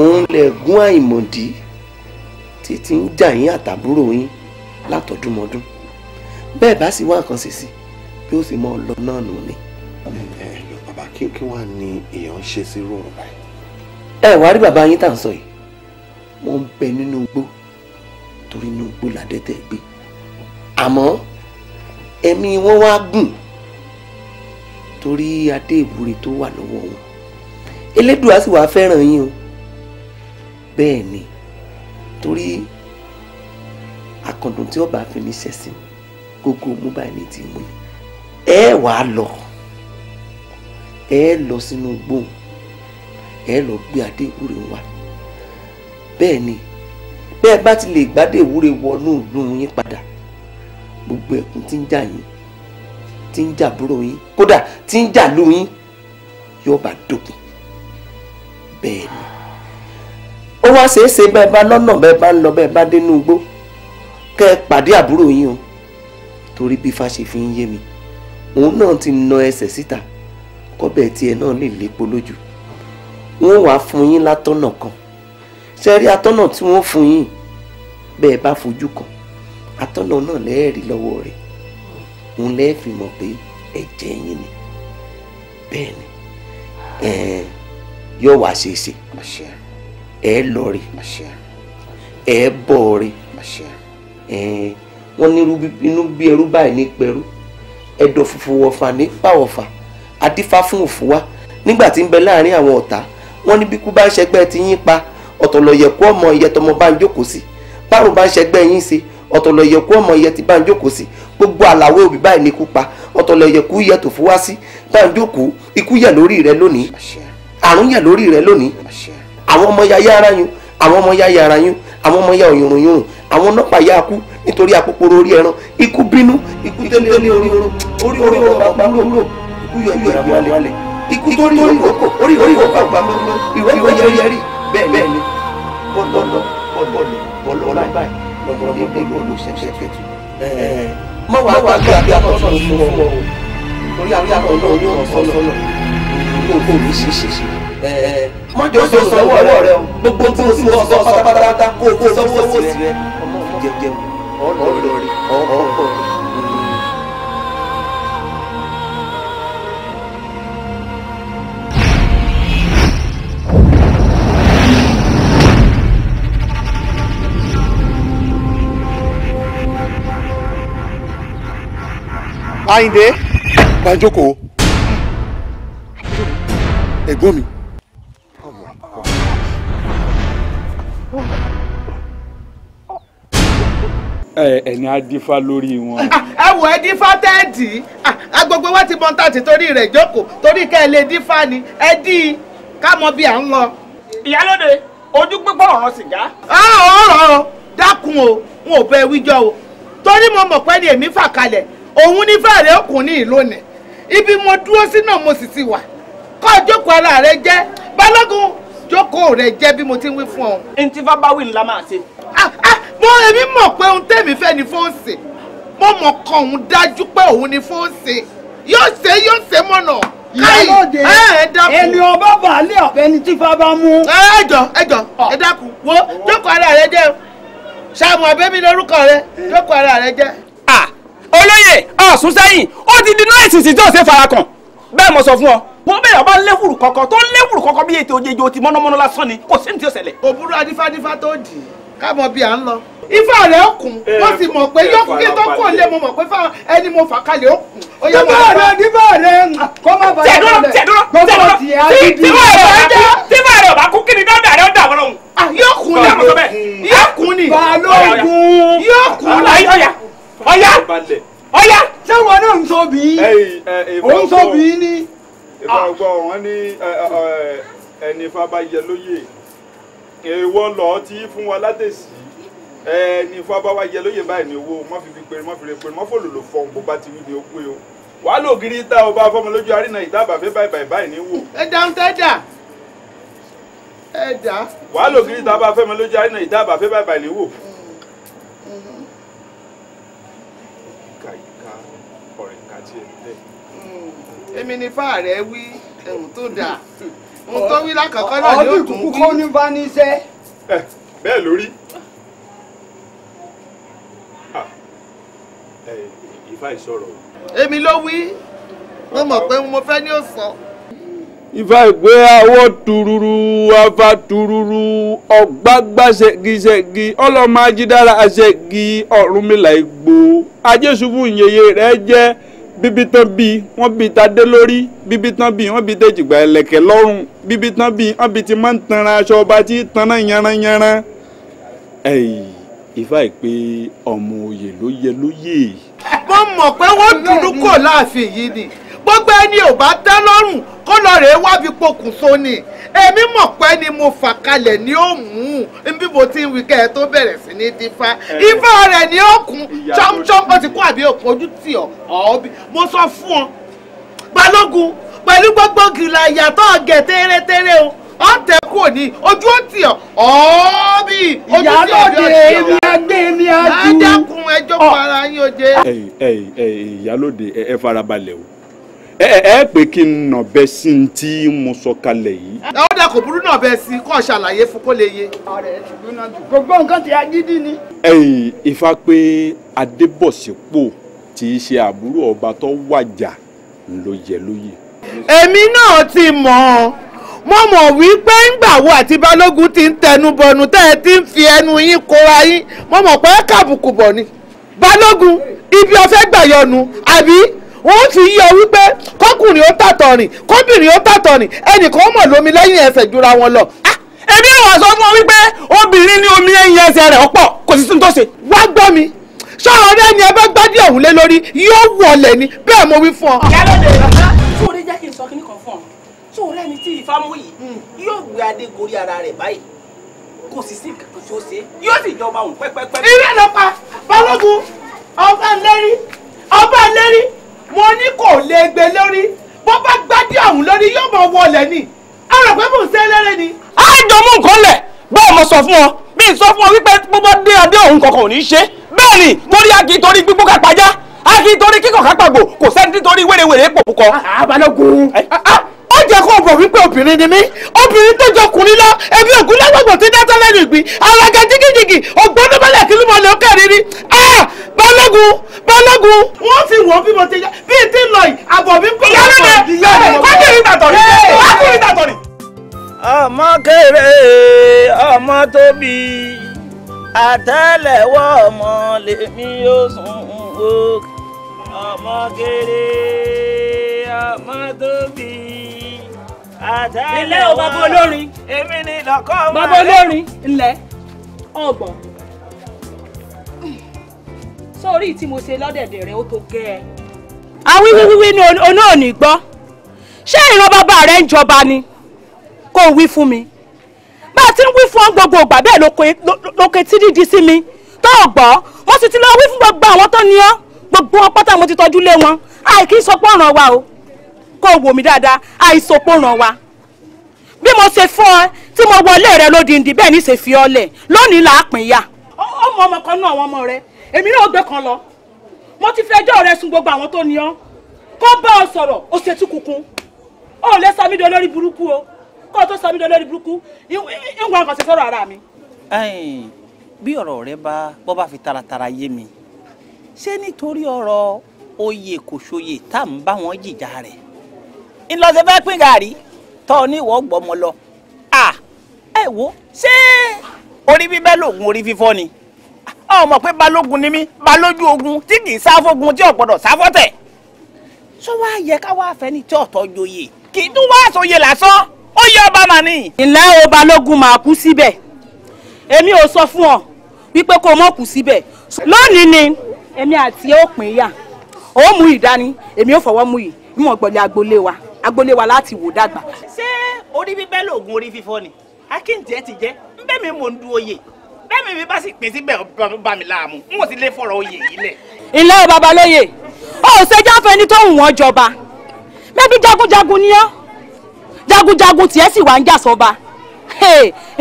òun lẹ̀gún àìmọ̀dí títí ń jà yín àtàbúrò yín látọdúnmọdún bẹ́ẹ̀ bá sì wá nǹkan ṣe bí ó sì mọ ọ lọ náà nù ni. ẹ ẹ bàbá kí wàá ní èèyàn ṣe sí rọrùn báyìí. ẹ wàá rí bàbá yín tá ń sọ yìí wọ́n ń bẹ nínú igbó torí inú igbó làdẹ́tẹ̀ gbé àmọ́ ẹ̀mí wọn wá gùn torí adé ìwúre tó wà lọ́wọ́ wọn elédùá sì wàá fẹ́ràn yín o bẹ́ẹ̀ ni torí àkàndùn tí ọba fi ní sẹ́sìn gógó mú ní ti mú ẹ wàá lọ ẹ lọ sínú igbó ẹ lọ gbé adé ìwúre wá bẹ́ẹ̀ ni bẹ́ẹ̀ bá ti lè gbádùn ìwúre wọnú ìlú yín padà gbogbo ẹ̀kún tí ń jà yín tí ń jà búrò yín kódà tí ń jà lú yín yóò bá dópin bẹ́ẹ̀ ni ó wá ṣeé ṣe bẹ́ẹ̀ bá lọ́nà bẹ́ẹ̀ bá ń lọ bẹ́ẹ̀ bá dénú igbó kẹ́ ẹ pàdé àbúrò yín o torí bí fáṣe fi ń yé mi òun náà ti na ẹsẹ̀ síta kọ́bẹ̀ tiẹ̀ náà lè lépo lójú wọ́n wàá fún yín látọ̀nà kan ṣe rí atọ́nà tí wọ́n fún yín bẹ́ẹ̀ bá fojú kan atọ́nà náà lẹ́ẹ̀rí lọ́wọ́ rẹ̀ òun lẹ́ẹ̀ fi mọ̀ pé ẹ̀jẹ̀ yín ni bẹ́ẹ̀ ni yóò wá ṣe é ṣe ẹ lọ rí ẹ bọ̀ rí wọ́n ní inú bí ẹrú báyìí ní pẹ̀rú ẹ̀dọ̀ fùfù wọ̀fà ní pàwọ̀fà adífá fún òfúwa nígbà tí ń bẹ láàrin àwọn ọ̀tá wọ́n ní bí kú bá ṣẹgbẹ́ ti yín pa ọ̀tọ̀lọ̀ yẹ kó ọmọ iye tọmọ bá ń jókòó sí báwo bá ń ṣẹgbẹ́ yín ṣe ọ̀tọ̀lọ̀ yẹ kó ọmọ iye tí bá ń jókòó sí gbogbo àlàwé òbí báyìí ní kú pa ọ̀tọ̀lọ̀ yẹ kú iye tó fún wá sí bá ń jókòó ikú yẹ lórí rẹ lónìí àrùn yẹ lórí rẹ lónìí àwọn ọmọ yaya ara yun àwọn ọmọ yaya ara yun àwọn ọmọ ya òyìnrún yòrùn àwọn ọlọ́pàá ya kú nítorí apoporo orí ẹran ikú bínú ikú tẹ́lẹ̀ orí orí orí orí ọ̀pá lóòrò ikú yọ ìgbéra wálẹ̀ ikú tó rí ìrókò orí orí ọ̀pá lóòrò ìrókò yẹrí yẹrí bẹ́ẹ̀ bẹ́ẹ̀ ni bọ́lọ́lọ́ bọ́lọ́lọ́ bọ́lọ́lá báyìí lọ́gbọ́n bí gbogbo olùsẹ̀sẹ̀ tètù. mọ wàá wàá gbé àbí akọ́sọ̀ ní fún ọ torí àbí akọ́sọ̀ ní ọ̀rọ̀ sọ́nà kó o ní ṣe ṣe ṣe. mọ́jọ́ sọ sọ́wọ́ rẹ o gbogbo tí o sì sọ sọ pátápátá kó o kó o sọ́wọ́ sí rẹ ọmọ jẹjẹrẹ ọlọ́ọ̀rẹ́ ọ̀ọ̀ọ̀ọ̀ Àyìndé. Bàjókòó. Ẹ̀gbọ́n mi. ẹni adífá lórí wọn. Ah, ah, ẹ wò ẹ dífá tẹ́ẹ̀dì agbègbè ah, wa ti mọ́ta ti torí rẹ̀ jókòó torí ká ẹ lè dífá ni ẹ dí i ká mọ bí à ń lọ. ìyálóde ojú pípọ̀ ọ̀rọ̀ sìgá. ọ̀rọ̀ dákun o n ò bẹ wíjọ o torí mo mọ̀ pé ni èmi fà kalẹ̀ òun ní fẹ́rẹ̀ ọkùnrin ìlónìí ibi mo dúró sí náà mo sì ti wà kọ́ ìjókòó ara rẹ jẹ́ balógun jókòó rẹ jẹ́ bí mo ti ń wí fún ọ. n ti fá báwí ńlá máa ṣe. mo èmi mọ̀ pé ohun tẹ̀mí fẹ́ ni fóònù mo mọ̀ kan òun dájú pé òun ni fóònù yóò ṣe yóò ṣe mọ̀nà ìyálòde ẹni ọba bàálẹ̀ ọ̀bẹ ni tífà bá mú. ẹjọ ẹjọ ẹ wo jókòó ara rẹ jẹ ṣàmù ọbẹ mi lórúkọ rẹ jókòó ara rẹ jẹ olóyè ọ̀sùn sẹ́yìn ó ti di náà ìsinsìn tí ò ṣe farakàn bẹ́ẹ̀ mo sọ fún ọ wọn bẹ̀rẹ̀ ọba léwùrù kọ̀ọ̀kan tó léwùrù kọ̀ọ̀kan bí ètò òjèjò ti mọ́nàmọ́ná lásán ni kò sí ní tí ó ṣẹlẹ̀. òbúrú adífádífá tó dì í káàmọ bí à ń lọ. ifá rẹ̀ ó kùn eh, wọ́n sì mọ̀ pé eh, yóò kún kí tó kú òlé mo mọ̀ pé fáwọn ẹni mo fà kalẹ̀ ó kùn. tíbọ̀ rẹ̀ tíbọ̀ rẹ̀ mm, kọ́ má bàa yẹn lẹ̀ gbogbo ti ẹ̀ àti bí ẹ̀ jẹ́. tíbọ̀ rẹ̀ ọba kú kí ni dọ́dà rẹ̀ ó ah, ni yóò kún ni balógun yóò ọya ọ̀yá ṣé wọn náà ń sọ bí eh, i ò ń sọ bí i ah. ní. ìgbàgbọ́ wọn ní ẹni fàbàyẹ lóye èèwọ̀ lọ tí fún wa látẹ̀sí ẹni fàbàyẹ lóye báyìí ní owó má fi fi pèrè má fi rè pèrè má fòlò lò fọhùn bó bá ti wí ni ó pé o wàá lò gírí tá o bá fọmọ lójú àrínà ìta àbàfẹ́ báyìí báyìí báyìí ní wò. ẹ dáhùn tẹ́ dà ẹ dà. wàá lò gírí tá a bá fẹ́ mọ lójú àrínà ìta àbàfẹ́ báyìí báyìí ní wò. èmi ni fáàrẹ wí ẹ̀hún tó dáa [LAUGHS] ohun tó wí lákọ̀ọ́kọ́ náà yóò tún wí. ọdún kúkọ́ ní bá níṣẹ́. Eh, bẹ́ẹ̀ lórí ah, eh, ifá ìṣòro. èmi ló wí mo mọ̀ pé mo fẹ́ ní ó sọ. ifá ìpè àwọ̀ tururu afa tururu ọ̀gbágbá ṣẹ́gisẹ́gi ọlọ́mọ ajídára aṣẹ́gi ọ̀rúnmìlà ìgbò ajésùfù ìyẹyẹ rẹ̀ jẹ́ bíbí tán bíi wọ́n bíi tadé lórí bíbí tán bíi wọ́n bíi tẹ̀jìgbà ẹlẹ́kẹ̀ lọ́rùn bíbí tán bíi wọ́n bíi ti máa ń tanra aṣọ ọba tí tanná yanranyanran. ẹ̀yìn ifá ìpè ọmọ òye ló yẹ lóyè. mo mọ̀ pé wọ́n dúdú kò láàfin yìí ni gbogbo ẹni ò bá tẹ́ lọ́rùn kó lọ́ọ́ rẹ̀ wábi pokùnso ni èmi mọ̀ pé ni mo fà kalẹ̀ ni ó mú un mo ti ń wí kẹ́ ẹ tó bẹ̀rẹ̀ sí ní dífá ifá rẹ̀ ni ó kún chọ́mchọ́m ó ti kó àbí òkun ojú tì ọ́ ọ̀ọ́bì mo sọ fún ọ balógun pẹ̀lú gbogbo gìlà ìyàtọ̀ ọ̀gẹ̀ tẹ́rẹ́tẹ́rẹ́ o ọ̀ tẹ̀ kò ní ojú ó tì ọ́ ọ̀ọ́bì ojú tì ọ́ bí ó tì ọ́ ìyálòde èmi àgbẹ̀ èmi àdú. ẹ dákun ẹjọ́ para yín oje. ìyálòde ẹ farabalẹ̀ o ẹ ẹ pé kí n nà bẹ sí n tí mo sọ kalẹ̀ yìí. ó dà kò burú náà bẹ sí kó ṣàlàyé fún kó lè yé. ọ̀rẹ́ ṣùgbọ́n gbogbo nǹkan ti agídí ni. ẹ̀yin ifá pé adébọ̀sípò tí í ṣe àbúrò ọba tó wàjà ló yẹ lóye. èmi náà ti mọ̀ ọ́ mo mọ̀ wípé ńgbàwo àti balógun ti ń tẹnu bọ̀nù tẹ́ ẹ ti ń fi ẹnu yín kóra yín mo mọ̀ pé kàbùkù bọ̀ ni balógun ibi ọ̀fẹ́ gbàyọnu àbí ó fi yọ wípé kọkùnrin ó tàtọ̀ rìn kóbìnrin ó tàtọ̀ rìn ẹnìkan ó mọ̀ lómi lẹ́yìn ẹsẹ̀ jura wọn lọ. ẹbí ah, ìwà sọ fún ọ wípé obìnrin ní omi ẹ̀yìn ẹsẹ̀ rẹ̀ ọ̀pọ̀ kò sì tún tó ṣe. wá gbọ́ mi sọ̀rọ̀ rẹ ni ẹ bá gbádìí ọ̀hún lé lórí yóò wọlé ni bẹ́ẹ̀ mo wí fún ọ. ìyá lóde bàbá tó o lè jẹ́ kí n sọ kíní kan fún ọ tó o rẹ́ni tí ìfámú yìí hmm. yóò gbé adé gorí ara rẹ̀ báyìí kò sì sí nǹkan tó ṣe yóò sì jọba òun pẹ́pẹ́pẹ́. ìrẹ́lọ́pàá balógun ọba ńlẹ́rí ọba ńlẹ́rí mo ní kò lè gbé lórí bó bá gbádìí ọ̀hún lórí yóò mọ wọlé ni a rò pé mò ń sẹ́lẹ̀rẹ̀ ni. a jọ mú nǹkan lẹ̀ bẹ́ẹ̀ mo sọ fún ọ bí n sọ fún ọ wípé bọ́bọ́ dé adé ọ̀hún kankan ò ní ṣe bẹ́ẹ̀ ni torí a kì í torí gbígbó kápájá a kì í torí kíkọ̀ kápágbò kò sẹ́ni tí torí pòpùkọ. àbálọ́gùn ó jẹ́ kó o bọ̀ wípé obìnrin ni mí obìnrin tó jọkùnrin lọ ẹbí ògùn lọ́gbọ̀gbọ̀ tí dáta lẹ́nu ìgbín alága jigijigi ògbóná mọ́lẹ̀ kí ló mọ̀ lọ kẹ́rìírí ah balógun balógun. wọ́n ti wọ̀ bí mo ti yá bí ti lọ yìí àbọ̀ mi kọ́ lọ́wọ́ ìyá rẹ̀ kọ́kiri tàtọ̀rì kọ́kiri tàtọ̀rì. ọmọ kéré ọmọ tóbi àtẹ́lẹwọ́ ọmọ lèmi yóò sùn òkè ọmọ kéré ọmọ tóbi ilé o bàbá olórin èmi ni lọkọ máa rí bàbá olórin ńlẹ ọgbọ̀n sórí tí mo ṣe lọ́dẹ̀dẹ̀ rẹ ó tó gẹ́ ẹ. àwọn wíwíwí ni oná ò ní gbọ́ ṣé ìran bàbá rẹ ń jọba ni kó o wí fún mi bá a ti ń wí fún ọ gbogbo ìgbà bẹ́ẹ̀ lókè tí dídí sí mi tó o gbọ́ mo sì ti lọ wí fún gbogbo àwọn tó ní ọ gbogbo wọn mo ti tọ́jú lé wọn àìkí sọ pé ọ̀ràn wa o kó wò mí dáadáa àìsopọ̀ ràn wá bí mo ṣe fún ọ tí mo wọlé rẹ lódìndín bẹ́ẹ̀ ní ṣe fi ọ lẹ̀ lónìí là á pín yà. ọmọ ọmọ kan náà àwọn ọmọ rẹ èmi náà gbé kan lọ mo ti fẹjọ́ rẹ sun gbogbo àwọn tó ní ọ kó bá ọ sọ̀rọ̀ ó ṣe tú kunkun ó lè sọ mí dọ lórí burúkú o kó o tó sọ mí dọ lórí burúkú ìwọ àgbà ṣe sọ̀rọ̀ ara mi. bí ọ̀rọ̀ rẹ bá bọ́ bá fi taratara yé mi ṣé nítorí ọ̀rọ̀ oyè kò ṣòye tá à ń bá wọn jìjà rẹ̀ ńlọsẹ fẹ́ pín gàrí tọ́ ní ìwọ gbọ́mọ lọ à ẹ wo ṣé orí bíbẹ́ lògùn orí fífọ́ ni ọmọ pé balógun ni mí balójú ogun tí kì í sáfógun tí ò gbọdọ̀ sáfọ́tẹ̀ sọ wá yẹ ká wá fẹ́ ni tí ọ̀tọ́ joyè kì í tún wá sóye lásán ó yẹ ọba mà ní. ìlẹ́ o balógun máa kú síbẹ̀ èmi ò sọ fún ọ wípé kó mọ̀ kú síbẹ̀ lónìí ni èmi àti òpin yà ó mú ìdání èmi ò fọwọ́ mú yìí ìmọ̀ gbọ̀lẹ̀ agboolé wa agboolé wa láti wò dàgbà. ṣé orí bíbẹ́ lóògùn orí fífọ́ ni akíǹtẹ́ ti jẹ́ bẹ́ẹ̀ mi mò ń du oyè bẹ́ẹ̀ mi mi bá sì pín síbẹ̀ bá mi láàmú n ò sì lè fọ̀rọ̀ oyè yìí lẹ̀. ìlẹ́ o babalóye o ò ṣe jáfẹ́ ẹni tó ń wọ́n jọba mẹ́bí jagunjagun ni ọ́ jagunjagun tiẹ̀ sì wá ń jà sọ́ba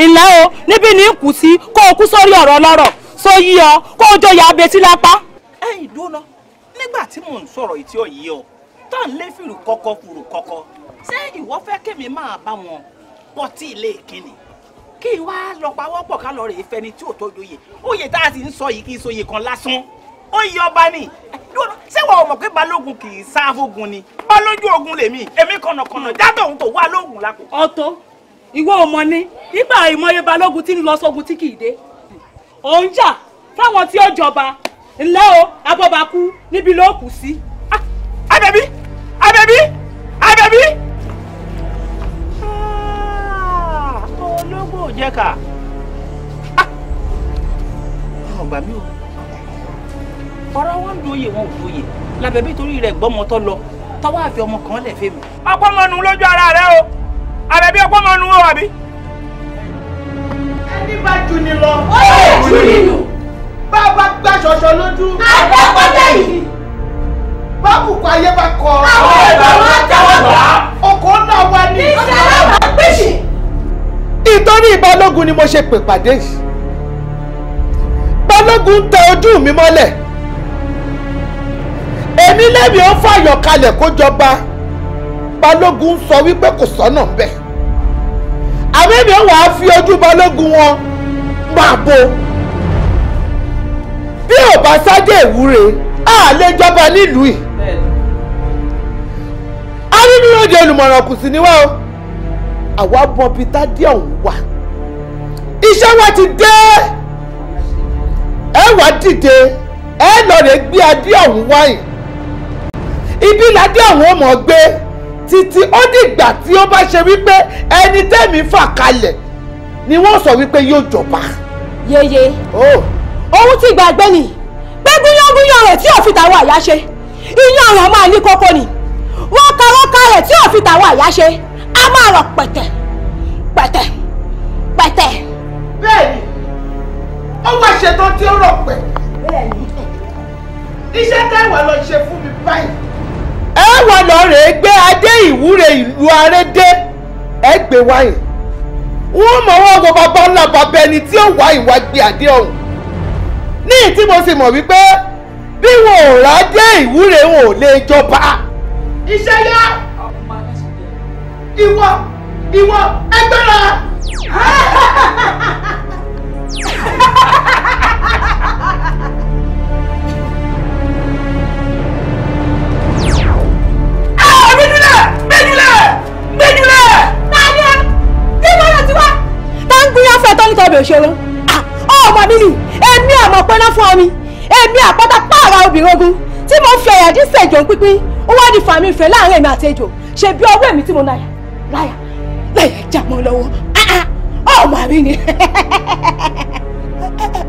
ìlẹ́ o níbi ní kù sí kó o kú sórí ọ̀rọ̀ ọlọ́rọ̀ só yí ọ kó o jọyọ̀ abetí lápá. ẹ̀yin dúró lọ nígbà tí mò ń sọ̀rọ̀ ìtí ọ̀ yìí o tá à ń lé fìrù kọ́kọ́ fìrù kọ́kọ́ ṣé ìwọ fẹ́ kémi máa bá wọn pọ́tì ilé ìkíni kí n wá lọ pawọ́pọ̀ ká lọ rèé fẹni tí ò tọ́jú oyè oyè tá a ti ń sọ yìí kì í soyè kan lásán oyè ọba ni ṣé wọn ò mọ̀ pé balógun kì í sáfógun ni balójú ogun lèmi èmi kànnàkànnà jábọ̀ òun tó wá lóògùn lápò. ọ̀tọ̀ ìwọ ò mọ̀ ni nígbà ìmọye balógun tí ń lọ sógun tí kì í dé òun jà fáwọn tí ó jọba ńlẹ́ o abọ́bakú níbi ló kù sí. àbẹ̀bí ah, Àbẹ̀bí Àbẹ̀bí. Ah, ológbò jẹ ká ah, ọgbà mi o ọ̀rọ̀ wọn ń dòye wọn ò dòye làbẹ̀bí torí rẹ̀ gbọ́mọ tó lọ tọ́wọ́ àfi ọmọ kan lẹ̀ fẹ́ mi. ọpọ́ mọ́nu lójú ara rẹ o Àbẹ̀bí ọpọ́ mọ́nu o àbí. ẹni bá jù ni lọ. ó yẹ jù nínú. bá a bá gbà ṣọṣọ lójú. àgbẹ̀ kọjá yìí bábùkù ayé bá kọ. àwọn ìgbà máa tẹ́wọ́ gbà. ọkọ̀ ńlá wa ni. ìṣẹ̀lẹ̀ bá pèsè. ìtorí balógun ni mo ṣe pè pàdé yìí balógun tẹ ojú mi mọ́lẹ̀ èmi lẹ́mi ó fàyọ̀ kalẹ̀ kó jọba balógun sọ wípé kò sọ́nà bẹ́ẹ̀ àmẹ́mi ó wàá fi ojú balógun wọn máa bo bí ò bá sáde ìwúre àlejọba nílùú yìí a ní nínú ọjọ́ olùmọ̀ràn kù sí níwá o àwa bọ̀ pita díẹ̀ ọ̀hún wà iṣẹ́ wa ti dé ẹ wá dìde ẹ lọ rè gbé adé ọ̀hún wáyìn ibi ládé ọ̀hún ọmọ gbé títí ó dìgbà tí ó bá ṣe wípé ẹni tẹ́mi fà kalẹ̀ ni wọ́n sọ wípé yóò jọba. yeye oh. ohun tí gbàgbé ni gbẹ́gbẹ́yọ́gbẹ́yọ́ rẹ̀ tí òfin tàwọn àyà ṣe iyán àwọn ọmọ ẹni kókó ni wọ́n ka wọ́n ka rẹ̀ tí ò fi tàwọn àyà ṣe á máa rọ̀ pẹ̀tẹ̀ pẹ̀tẹ̀ pẹ̀tẹ̀. bẹ́ẹ̀ni ó wá ṣetán tí ó rọ̀ pẹ̀. bẹ́ẹ̀ni iṣẹ́ táwọn lọ ṣe fún mi báyìí. ẹ wà lọ rèé gbé adé ìwúre ìlú arédé ẹ gbé wáyé wọn mọ wọn gbọ bàbá ńlá bàbá ẹni tí ó wá ìwà gbé adé ọ̀hún ní ìtí mo sì mọ̀ wípé bí wọn ò rájẹ ìwúre wọn ò lè jọba. iṣẹ́ yá ìwọ ìwọ ẹgbẹ́ra. tó ń tọbẹ̀ òṣòro ọmọ mi ni èmi àmọ̀ pẹ́ná fún ọ ni èmi àpáta pààrà obìnrin ogun tí mo fi ẹ̀yà dín sẹ̀jọ̀ pínpín ó wá di fàmì ìfẹ́ láàrin èmi àti ejò ṣe bí ọwọ́ èmi tí mo náyà láyà lẹ́yìn ẹja mọ́ lọ́wọ́ ah, ah, ah, ọmọ àrí ni.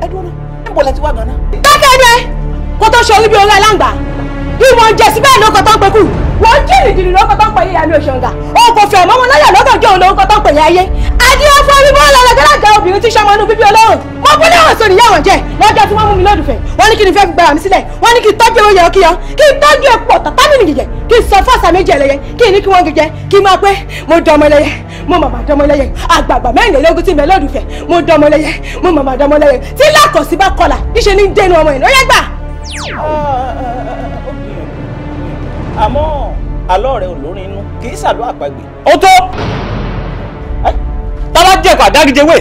ẹ dúró náà níbo lẹ ti wá gan-an. dákẹ́dẹ́ kó tó ṣe orí bí orí aláǹgbá bí wọ́n jẹ síbẹ̀ lóko tó ń pekú wọ́n jìnnì jìnnì lórúkọ tó ń pè yíya ní òṣòǹgà oògùn fẹ̀ mọ́mọ́ láyà lọ́gànjọ́ òun lórúkọ tó ń pè yá ayé adíọ́ fún orí bọ́ọ̀lù alágbèlága obìnrin tí sọmọ inú bíbí ọlọ́run mo bú ní ọ̀sán ìyáwó jẹ lọ́jọ́ tí wọ́n mú mi lọ́dùfẹ́ wọ́n ní kí ni fẹ́ fi gbára mi sílẹ̀ wọ́n ní kí n tọ́jú oyè ọkìyàn kí n tọ́jú epo tàtà mi nìyẹn kí n sọ fọ́ọ̀sà méjì ẹlẹ́yẹ kí n ní kí wọ́n gẹgẹ kí n máa pé mo dán ọmọ ẹlẹ́yẹ mo màmá dán ọmọ ẹlẹ́yẹ àgbààgbà mẹ́rìnlélógún tí mi lọ́dùfẹ́ mo dán ọmọ ẹlẹ́yẹ mo màmá dán ọmọ ẹlẹ́yẹ tí lákọ̀ọ́sí bá kọlà níṣe ní dénú ọmọ ẹ̀ lọ́yẹ́gbà. àmọ́ alọ́ rẹ olórin inú kì í ṣàlọ́ àpagbè. ó tó tá a bá jẹ́ ẹ̀kọ́ àdáríjẹwé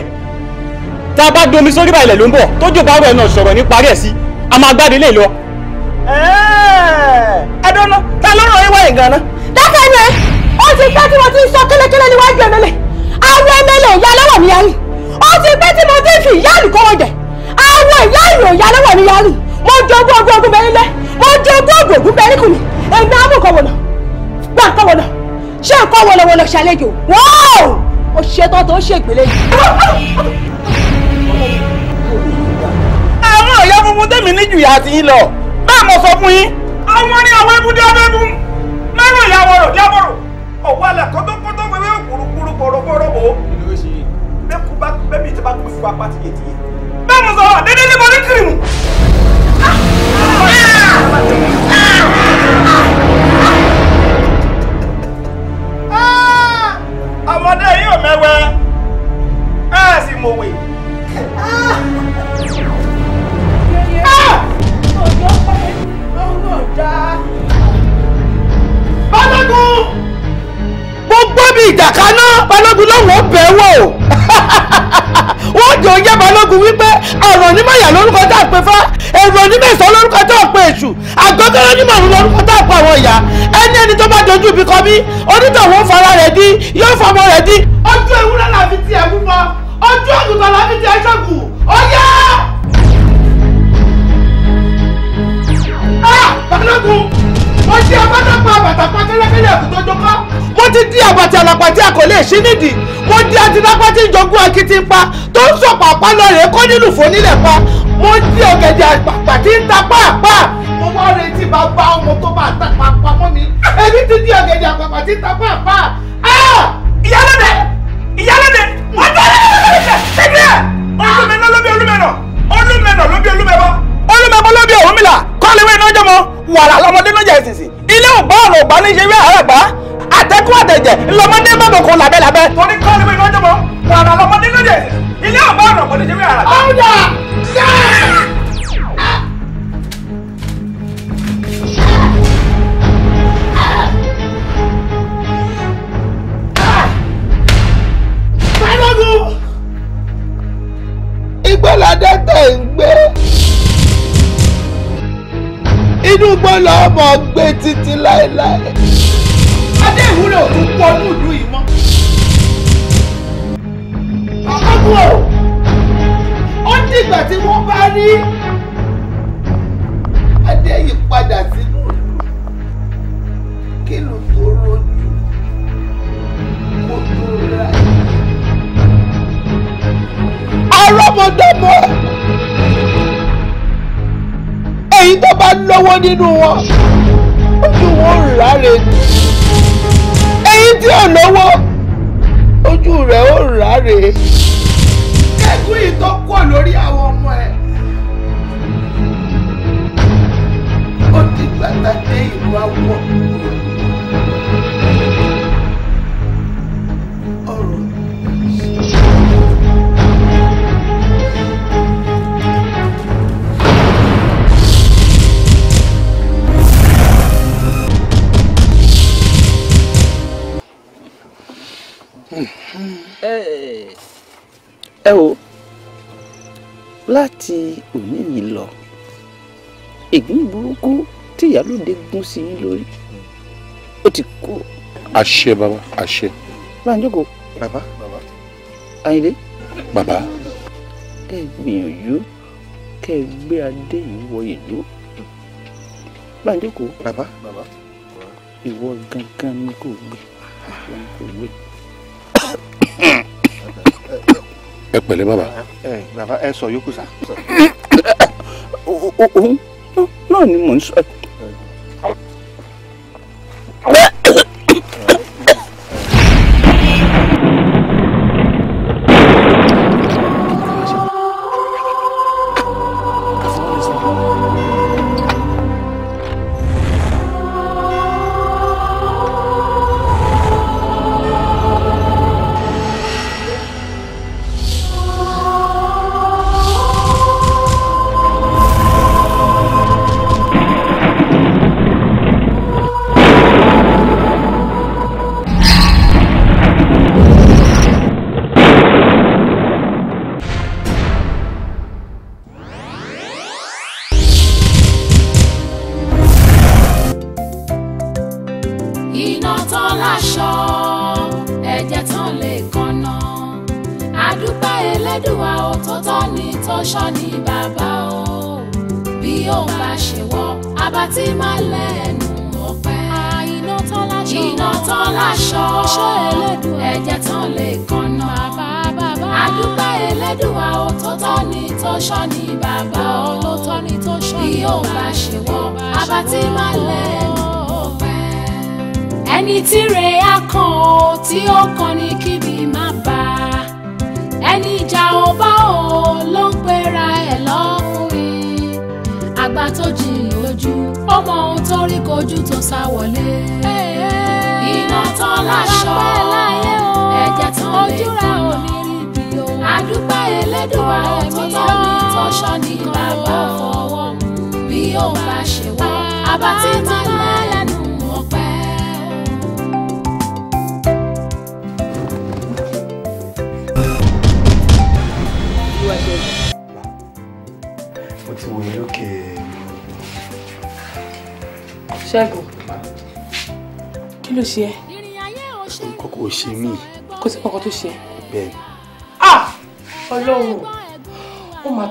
tá a bá domi sórí ìbà ilẹ̀ ló ń bọ̀ tó jò bá rọ̀ ẹ̀ náà sọ̀rọ̀ ní parí ẹ̀ sí a máa gbáde lè lọ. ẹ dọ́nà ta ló ràn yín wáyé gan-an. dákẹ́ ni ó ti pẹ́ tí mo ti sọ kẹ́lẹ́kẹ́lẹ́ níwájú ẹ̀mẹ́lẹ̀ àwọn ẹ̀mẹ́lẹ̀ ìyá lọ́wọ́ mi yarí ó ti pẹ́ tí mo ti fi ìyá àlùkò jẹ àwọn ìyá ìrò ìyá lọ́wọ́ mi yarí mo jogún ogún ogún bẹ́ẹ̀ nílẹ̀ mo jogún ogún ogún bẹ́ẹ̀ níkùnì ẹ̀gbẹ́ àbùkọ̀ wọ̀nà gbà nǹkan wọlọ ṣé nǹkan wọlọwọlọ ṣàlejò wọ́ọ̀ ó ṣetán tó ṣègbélé yìí àwọn ọ̀yá funfun tẹ̀mí níjù yà sí lọ bẹ́ẹ̀ mo sọ fún yín. àwọn ní àwọn ebúdé abẹ́gun mẹ́rin ìyá wọ̀rọ̀ dí àbọ̀rọ̀ ọ̀wọ́ alẹ́ kọ́tọ́kọ́tọ́ wẹ́wẹ́ kúrúkúrú kọ̀rọ̀kọ̀rọ̀ bò. bẹ́ẹ̀kú bá bẹ́ẹ̀mí ìjọba kú fún apá ti yé ti yé. bẹ́ẹ̀ mo sọ dédé ní bọ́lí kìrìmù. ọmọdé yìí ò mẹ́wẹ́ ẹ sì mọ̀wé. balógun gbogbo bí ìjàkà náà balógun lọ́wọ́ bẹ̀ wò [LAUGHS] wọ́n jọ yẹ balógun wípé ọ̀rọ̀ onímọ̀ ìyá lórúkọ tá a pè fún èrò onímẹ̀sán lórúkọ tó ń pe èṣù àgọ́gọ́rọ́ onímọ̀rún lórúkọ tó ń pa àwọn ìyá ẹni ẹni tó bá dojú ibi kan bí onítọ̀hún fara rẹ̀ dín yóò fọmọ rẹ̀ dín. ojú ewúrẹ́ la fi ti ẹ̀ wúwo ojú àgùntàn la fi ti ẹ̀ ṣọ́gun ó yá. balógun mo ti abádọ́pọ̀ àbàtàpá kẹ́lẹ́kẹ́lẹ́ ẹ̀kú tó jókòó. mo ti di àbàtì àlàpà tí a kò lè ṣí nídìí mo di àtìlápá tí ń jogún akitipa tó ń sọ̀pọ̀ àpá lọ́rẹ̀ẹ́ kọ́ nílùú fònílẹ̀ pa mo ń jí ọ̀gẹ̀dẹ̀ àgbààgbà tí ń ta pàápàá mo wá retí bàbá ọmọ tó bá ta pàápàá mọ́ mi èmi ti jí ọ̀gẹ̀dẹ̀ àgbààgbà tí ń ta pàápàá. ìyálóde ìyálóde wọ́n tó lé ṣẹ́gbẹ́ olúmẹ̀nà ló bí olúmẹ̀nà olúmẹ̀nà ló bí olúmẹ̀bọ olúmẹ̀bọ ló bí Ọ̀rúnmìlà kọ́léwé náà jọmọ wàrà lọmọdé náà jẹ ìsìsì ilé ògbà ọ̀nà ògbà ní ṣe wí àràgbá àtẹkùn àtẹjẹ ńlọmọdé bàbà kan làbẹ́làbẹ́. torí kọ́léwé náà jọmọ wàrà lọmọdé lóde ẹsẹ̀ ilé ọba ọ̀rọ̀ kò lè jẹ́ bí ara. ọ̀dà ṣáà. ìgbọ́ládé tẹ̀ ń gbé inú gbọ́lọ́ ọmọ gbé títí láéláé. adé ìwúlò òkú pọ̀ nùdú kú o ó dìgbà tí wọ́n bá rí adé yìí padà sínú ìlú kí ló tó rojú kó tó ra àrọ́mọdọ́mọ èyí tó bá lówó nínú wọn ojú wọn ò ráre èyí tí ò lówó ojú rẹ̀ ò ráre èébú yìí tó kọ̀ lórí àwọn ọmọ ẹ̀. ó ti gbàgbà dé ìlú awọ. ọ̀rọ̀ ẹ o láti òní yìí lọ ègún burúkú tí ìyálòde gún sí yín lórí ó ti kú. àṣẹ bàbá àṣẹ. báńjọ́kọ̀. bàbá. Ayinde. bàbá. kẹ́ ẹ gbìyànjú kẹ́ ẹ gbé adé yìí wọ ìlú. báńjọ́kọ̀. bàbá. ìwọ gangan ni kò gbé. [COUGHS] ẹ pẹ̀lẹ́ bàbá. ẹ bàbá ẹ sọ yòókù sá. òun náà ni mò ń sọ.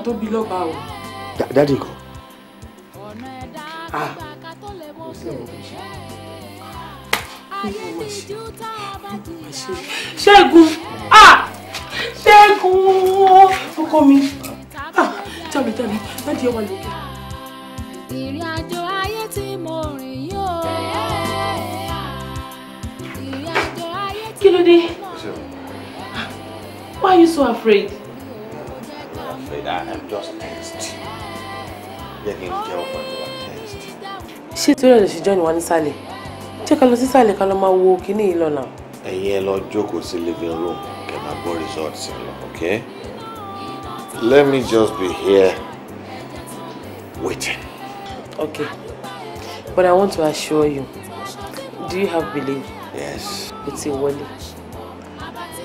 tó bí lọ́ba o. dáàdì kan ò lè ṣe join wa nísàlẹ̀ jẹ́ ká lọ sísàlẹ̀ ká lọ máa wo kíní yìí lọ́la. ẹ̀yin ẹ lọ jókòó sí living room kẹ́ máa gbọ́ result sí lọ okay let me just be here waiting. okay but i want to assure you do you have belief. yes. o ti wọlé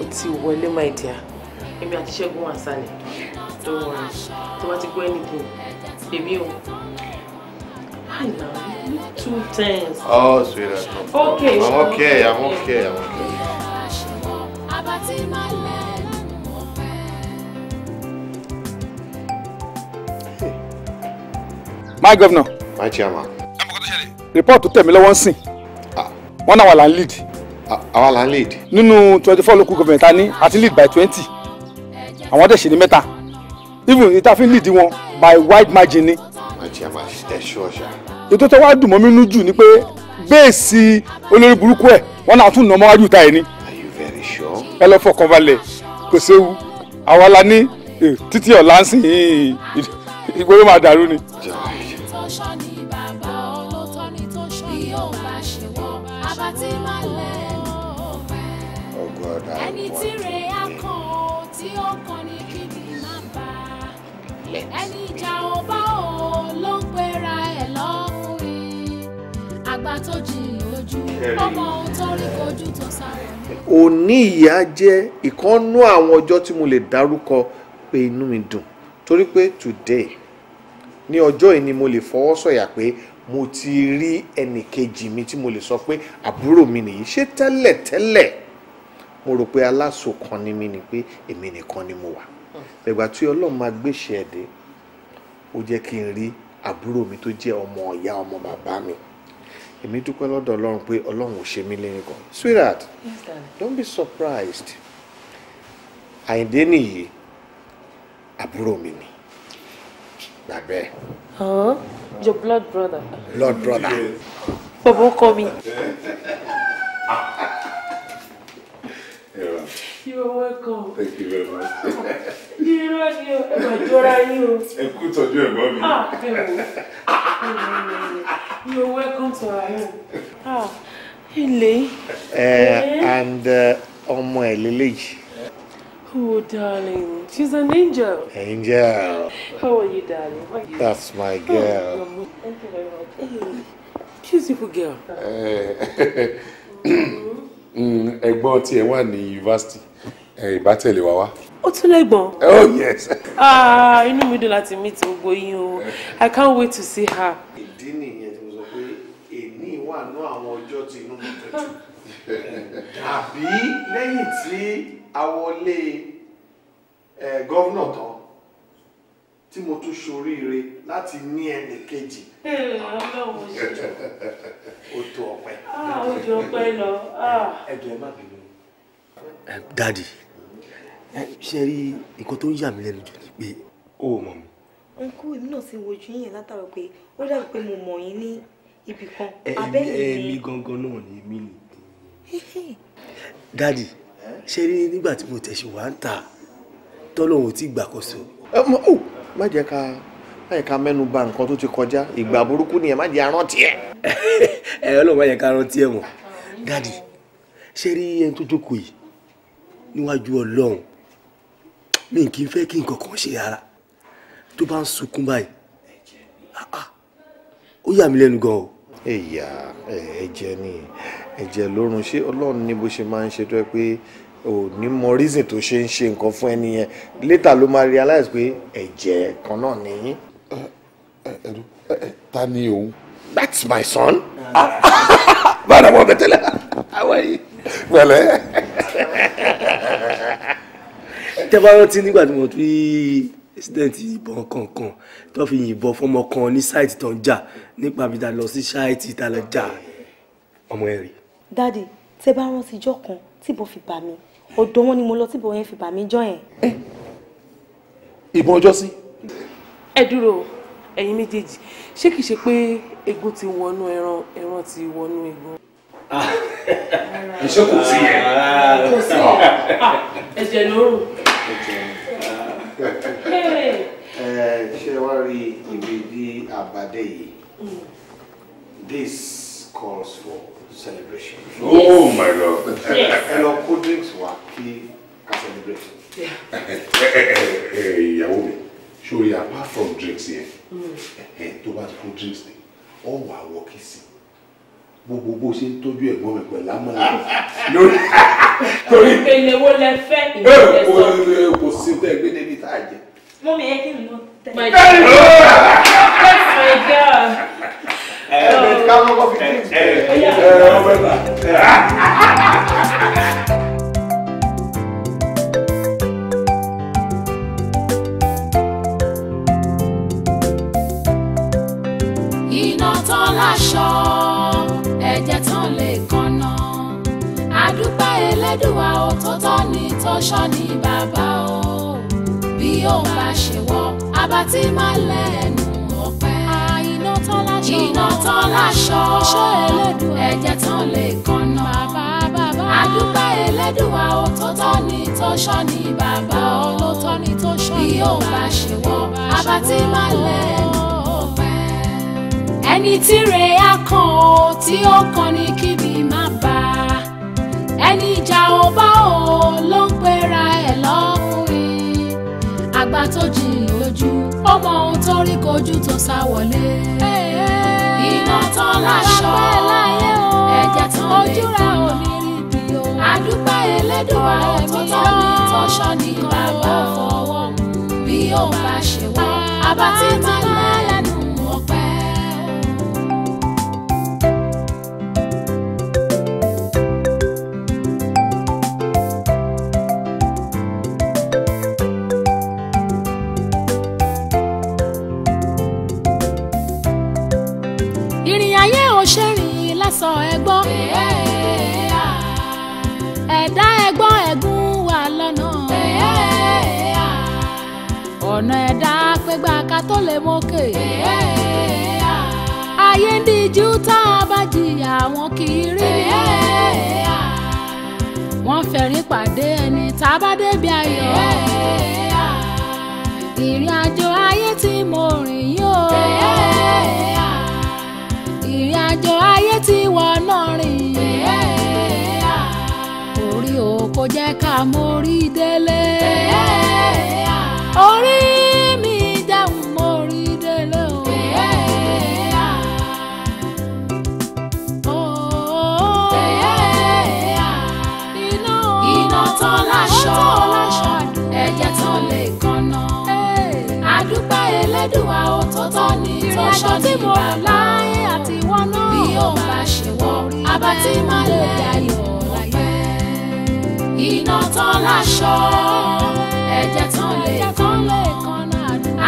o ti wọlé my dear èmi àti ṣẹ́gun wà sálẹ̀ don't worry tó bá ti gbọ́ anything èmi o. hi now. Two things. Oh, sweetheart. okay. I'm okay. I'm okay. I'm okay. My governor. My chairman. Report to tẹ̀ mí lọ́wọ́ ń sìn. Wọ́n náà wà là ń lead. No, ah, là twenty four local government ta at lead by twenty. want to see the mẹ́ta. Even ìta fi ń lead one by wide margin My chairman ẹ ṣọ́ ṣáà ètò tó wá dùn mọ́ mi jù ni pé bẹ́ẹ̀sì olórí burúkú ẹ̀ wọn náà tún nà ọmọ wájú ta ẹ̀ ni. are you very sure? ẹ lọ fọkàn balẹ̀ kò séwu àwa la ní eh, títí ọ̀la ń sìn ìgboro máa dàrú ni. àgbà tó jìn ojú ọmọ ohun tó rí kojú tó sáré. òní ìyá jẹ́ ìkànnú àwọn ọjọ́ tí mo lè dárúkọ pé inú mi dùn torí pé today ní ọjọ́ yìí ni mo lè fọwọ́ sọ̀yà pé mo ti rí ẹnì kejì mi tí mo lè sọ pé àbúrò mi nìyí ṣé tẹ́lẹ̀ tẹ́lẹ̀ mo rò pé aláṣọ kan ni mi ni pé èmi nìkan ni mo wà ìgbà tí ọlọ́run máa gbéṣẹ́ ẹ̀dẹ́ ó jẹ́ kí n rí àbúrò mi tó jẹ́ ọmọ ìyá ọmọ bàbá mi. Mm èmi dúpẹ́ lọ́dọ̀ ọlọ́run pé ọlọ́run ò ṣe mí lẹ́yìn kan sweetheart don't be surprised àyìndé nìyí àbúrò mi ni gbàgbé. your blood brother. blood brother. bọ̀bọ̀ kọ́ mi. [LAUGHS] You're welcome. Thank you very much. Irọ́ ni daughter. You. And yín o. Ẹ mommy? Ah, hello. You're welcome to our home. Ah, ilé. Eh, eh? And eh, ọmọ ẹ̀ Oh, darling, she's an angel. Angel. How are you, darling? Are you? That's my girl. Oh, Thank you very much. Hey, beautiful girl. Hey. [LAUGHS] mm -hmm. Mm, ẹ̀gbọ́n tiẹ̀ wà ní yunifásitì ìbátẹ̀lẹ̀ wa wá. ó tún lẹ́gbọ̀n. oh yes. ah inú mi dùn láti meet gbogbo yín o i can't wait to see her. ìdí nìyẹn tí mo sọ pé èmi wà ní àwọn ọjọ́ tí inú mi tẹ̀tù dàbí lẹ́yìn tí a wọlé gọ́vnà tán tí mo tún ṣoríire láti ní ẹnì kejì. Eh, ó tó ọpẹ́. Daddy, Sherry, lọ. Ah. ẹ̀dùn ẹ má bínú. dadi ṣe rí nǹkan tó ń yà mí lẹ́nu jù ni pé ó mọ̀ mi. nkú èmi náà ti wojú yín látàrí pé ó dàbí pé mo mọ̀ yín ní ibì kan abẹ́yìn ni. ẹ̀mí gangan náà ni èmi ni. dadi ṣe rí nígbà tí mo tẹ̀sí wá ń ta tọ́lọ́hún ti gbàkóso. ó má jẹ́ ká má jẹ́ ká mẹ́nu bà nǹkan tó ti kọjá ìgbà burúkú ni ẹ̀ má jẹ́ arántí [LAUGHS] [LAUGHS] ẹ ọlọ́mọ yẹn ká rántí ẹ̀ mọ̀ dáàdì ṣé rí ẹni tó jókòó yìí níwájú ọlọ́run mi kì í fẹ́ kí nǹkan kan ṣe ara tó bá ń sunkún báyìí ah, ah, ó yà mí lẹ́nu gan o. ẹ̀yà ẹ̀jẹ̀ ni ẹ̀jẹ̀ lórun ṣé ọlọ́run ní bó ṣe máa ń ṣe tó ẹ pé ò ní mọ reason tó ṣe ń ṣe nǹkan fún ẹni yẹn later ló máa realize pé ẹ̀jẹ̀ kan náà nìyí. ẹ ẹ ẹ ta ni òun that's my son. báyìí àwọn ọbẹ̀ tẹ́lẹ̀ àwọn yìí pẹ̀lẹ́. tẹ́ bá rántí nígbà tí mo fi incident ìbọn kankan tó fi yìnbọn fọmọ kan ní ṣáìtì tó ń jà nípa bí ta lọ sí ṣáìtì ta lọ jà ọmọ ẹ rí. dádì tẹ́ bá rántí ijọ́ kan tí ìbọn fi bà mí ọ̀dọ̀ wọn ni mo lọ tí ìbọn yẹn fi bà mí jọ yẹn. ìbọn ọjọ́ sí. ẹ dúró o ẹ̀yin méjèèjì ṣé kìí ṣe pé egun ti wọnú ẹran ẹran ti wọnú egun. Ah, ìṣó kò sí ẹ. kò sí ah, ẹ̀jẹ̀ lóru. ṣé wàá rí ibi bí àbádé yìí hmm. this calls for celebration. oh my god. ẹ lọ kó drinks wá kí a celebration. [LAUGHS] ìyàwó mi sórí apart from drinks yẹn ẹ̀hẹ́n tó bá ti fún drinks ni ọ̀ wà wọ kìsì gbogbo bó ṣe ń tọ́jú ẹ̀gbọ́n mi pẹ̀lú amọ̀lẹ́ lórí torí ìpele wo lẹ fẹ́ ìpele sọ kò sí tẹ́ gbé débi tá a jẹ. mú mi yẹ kí n mú tẹ. my god that's my girl. ẹ ẹ ká mọ́kọ́ fi kí n jẹ ẹ ọmọ ẹ bá. tán láṣọ ẹ̀jẹ̀ tán lè kànnà àdúgbò ẹlẹ́dùnwá òtọ́tọ́ ní tọ́ṣọ́ ní bàbá o bí ó bá ṣe wọ́ abatí má lẹ́nu ọ̀pẹ́ iná tán láṣọ iná tán láṣọ ọṣọ ẹlẹ́dùn ẹ̀jẹ̀ tán lè kànnà àdúgbò ẹlẹ́dùnwá òtọ́tọ́ ní tọ́ṣọ́ ní bàbá o bí ó bá ṣe wọ́ abatí má lẹ́nu ẹni tí re á kàn ó tí ó kàn ní kíbi má bà á ẹni ìjà ò bá ò ló ń pera ẹ̀ lọ́kùnrin àgbà tó jìn lójú ó mọ ohun tó rí kojú tó sá wọlé iná tán láṣọ ẹ̀jẹ̀ tán lè tán àdúpẹ́ Elédùà tó tọ́ tọ́ṣọ́ ní bàbá fọwọ́ bí ó bá ṣe wọ́n àbá tí máa ń láyà. lémọ́kè. ayé ń díjú tá a bá jìyà wọn kì í rí. wọ́n fẹ̀rín pàdé ẹni tá a bá débi ayọ̀. ìrìn àjò ayé tí mo rìn yóò. ìrìn àjò ayé tí wọ́n náà rìn. orí o jẹ́ ká mórí délé. orí. elédùnwá òtọ́tọ́ ní tọ́ṣọ́ ní bàbá bí ó bá ṣe wọ abatí máa lè ayọ̀ láyé iná tán láṣọ ẹ̀jẹ̀ tán lè kán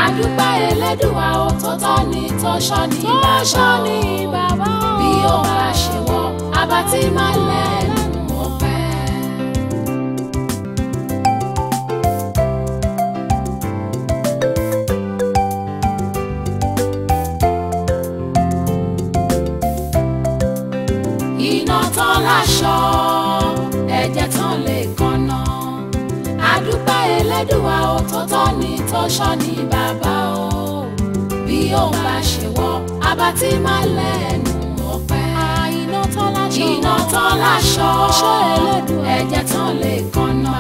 àdúpẹ́ elédùnwá òtọ́tọ́ ní tọ́ṣọ́ ní bàbá bí ó bá ṣe wọ abatí máa lè ayọ̀. tán láṣọ ẹ̀jẹ̀ tán lè kanná àdúpẹ́ Ẹlẹ́dùà òtọ́tọ́ ni tó ṣọ́ ni bàbá o bí ó bá ṣe wọ́ abatí má lẹ́nu ọpẹ́ iná tán láṣọ iná tán láṣọ ẹ̀jẹ̀ tán lè kanná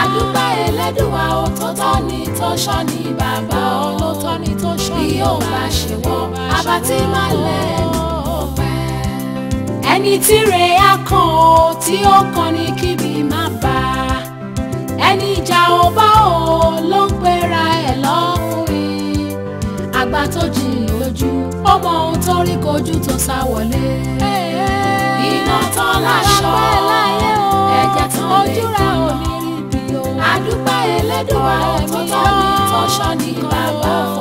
àdúpẹ́ Ẹlẹ́dùà òtọ́tọ́ ni tó ṣọ́ bàbá o bí ó bá ṣe wọ́ abatí má lẹ́nu ẹni tí rè á kàn ó tí ó kàn ní kíbi má bà á ẹni ìjà ò bá ò ló ń pera ẹ̀ lọ́kùnrin àgbà tó jìn lójú ó mọ ohun tó rí kojú tó sá wọlé iná tán láṣọ ẹ̀jẹ̀ tán lè kàn án adúpẹ́ Ẹlẹ́dùà tó tọ́ mi tó ní bàbá.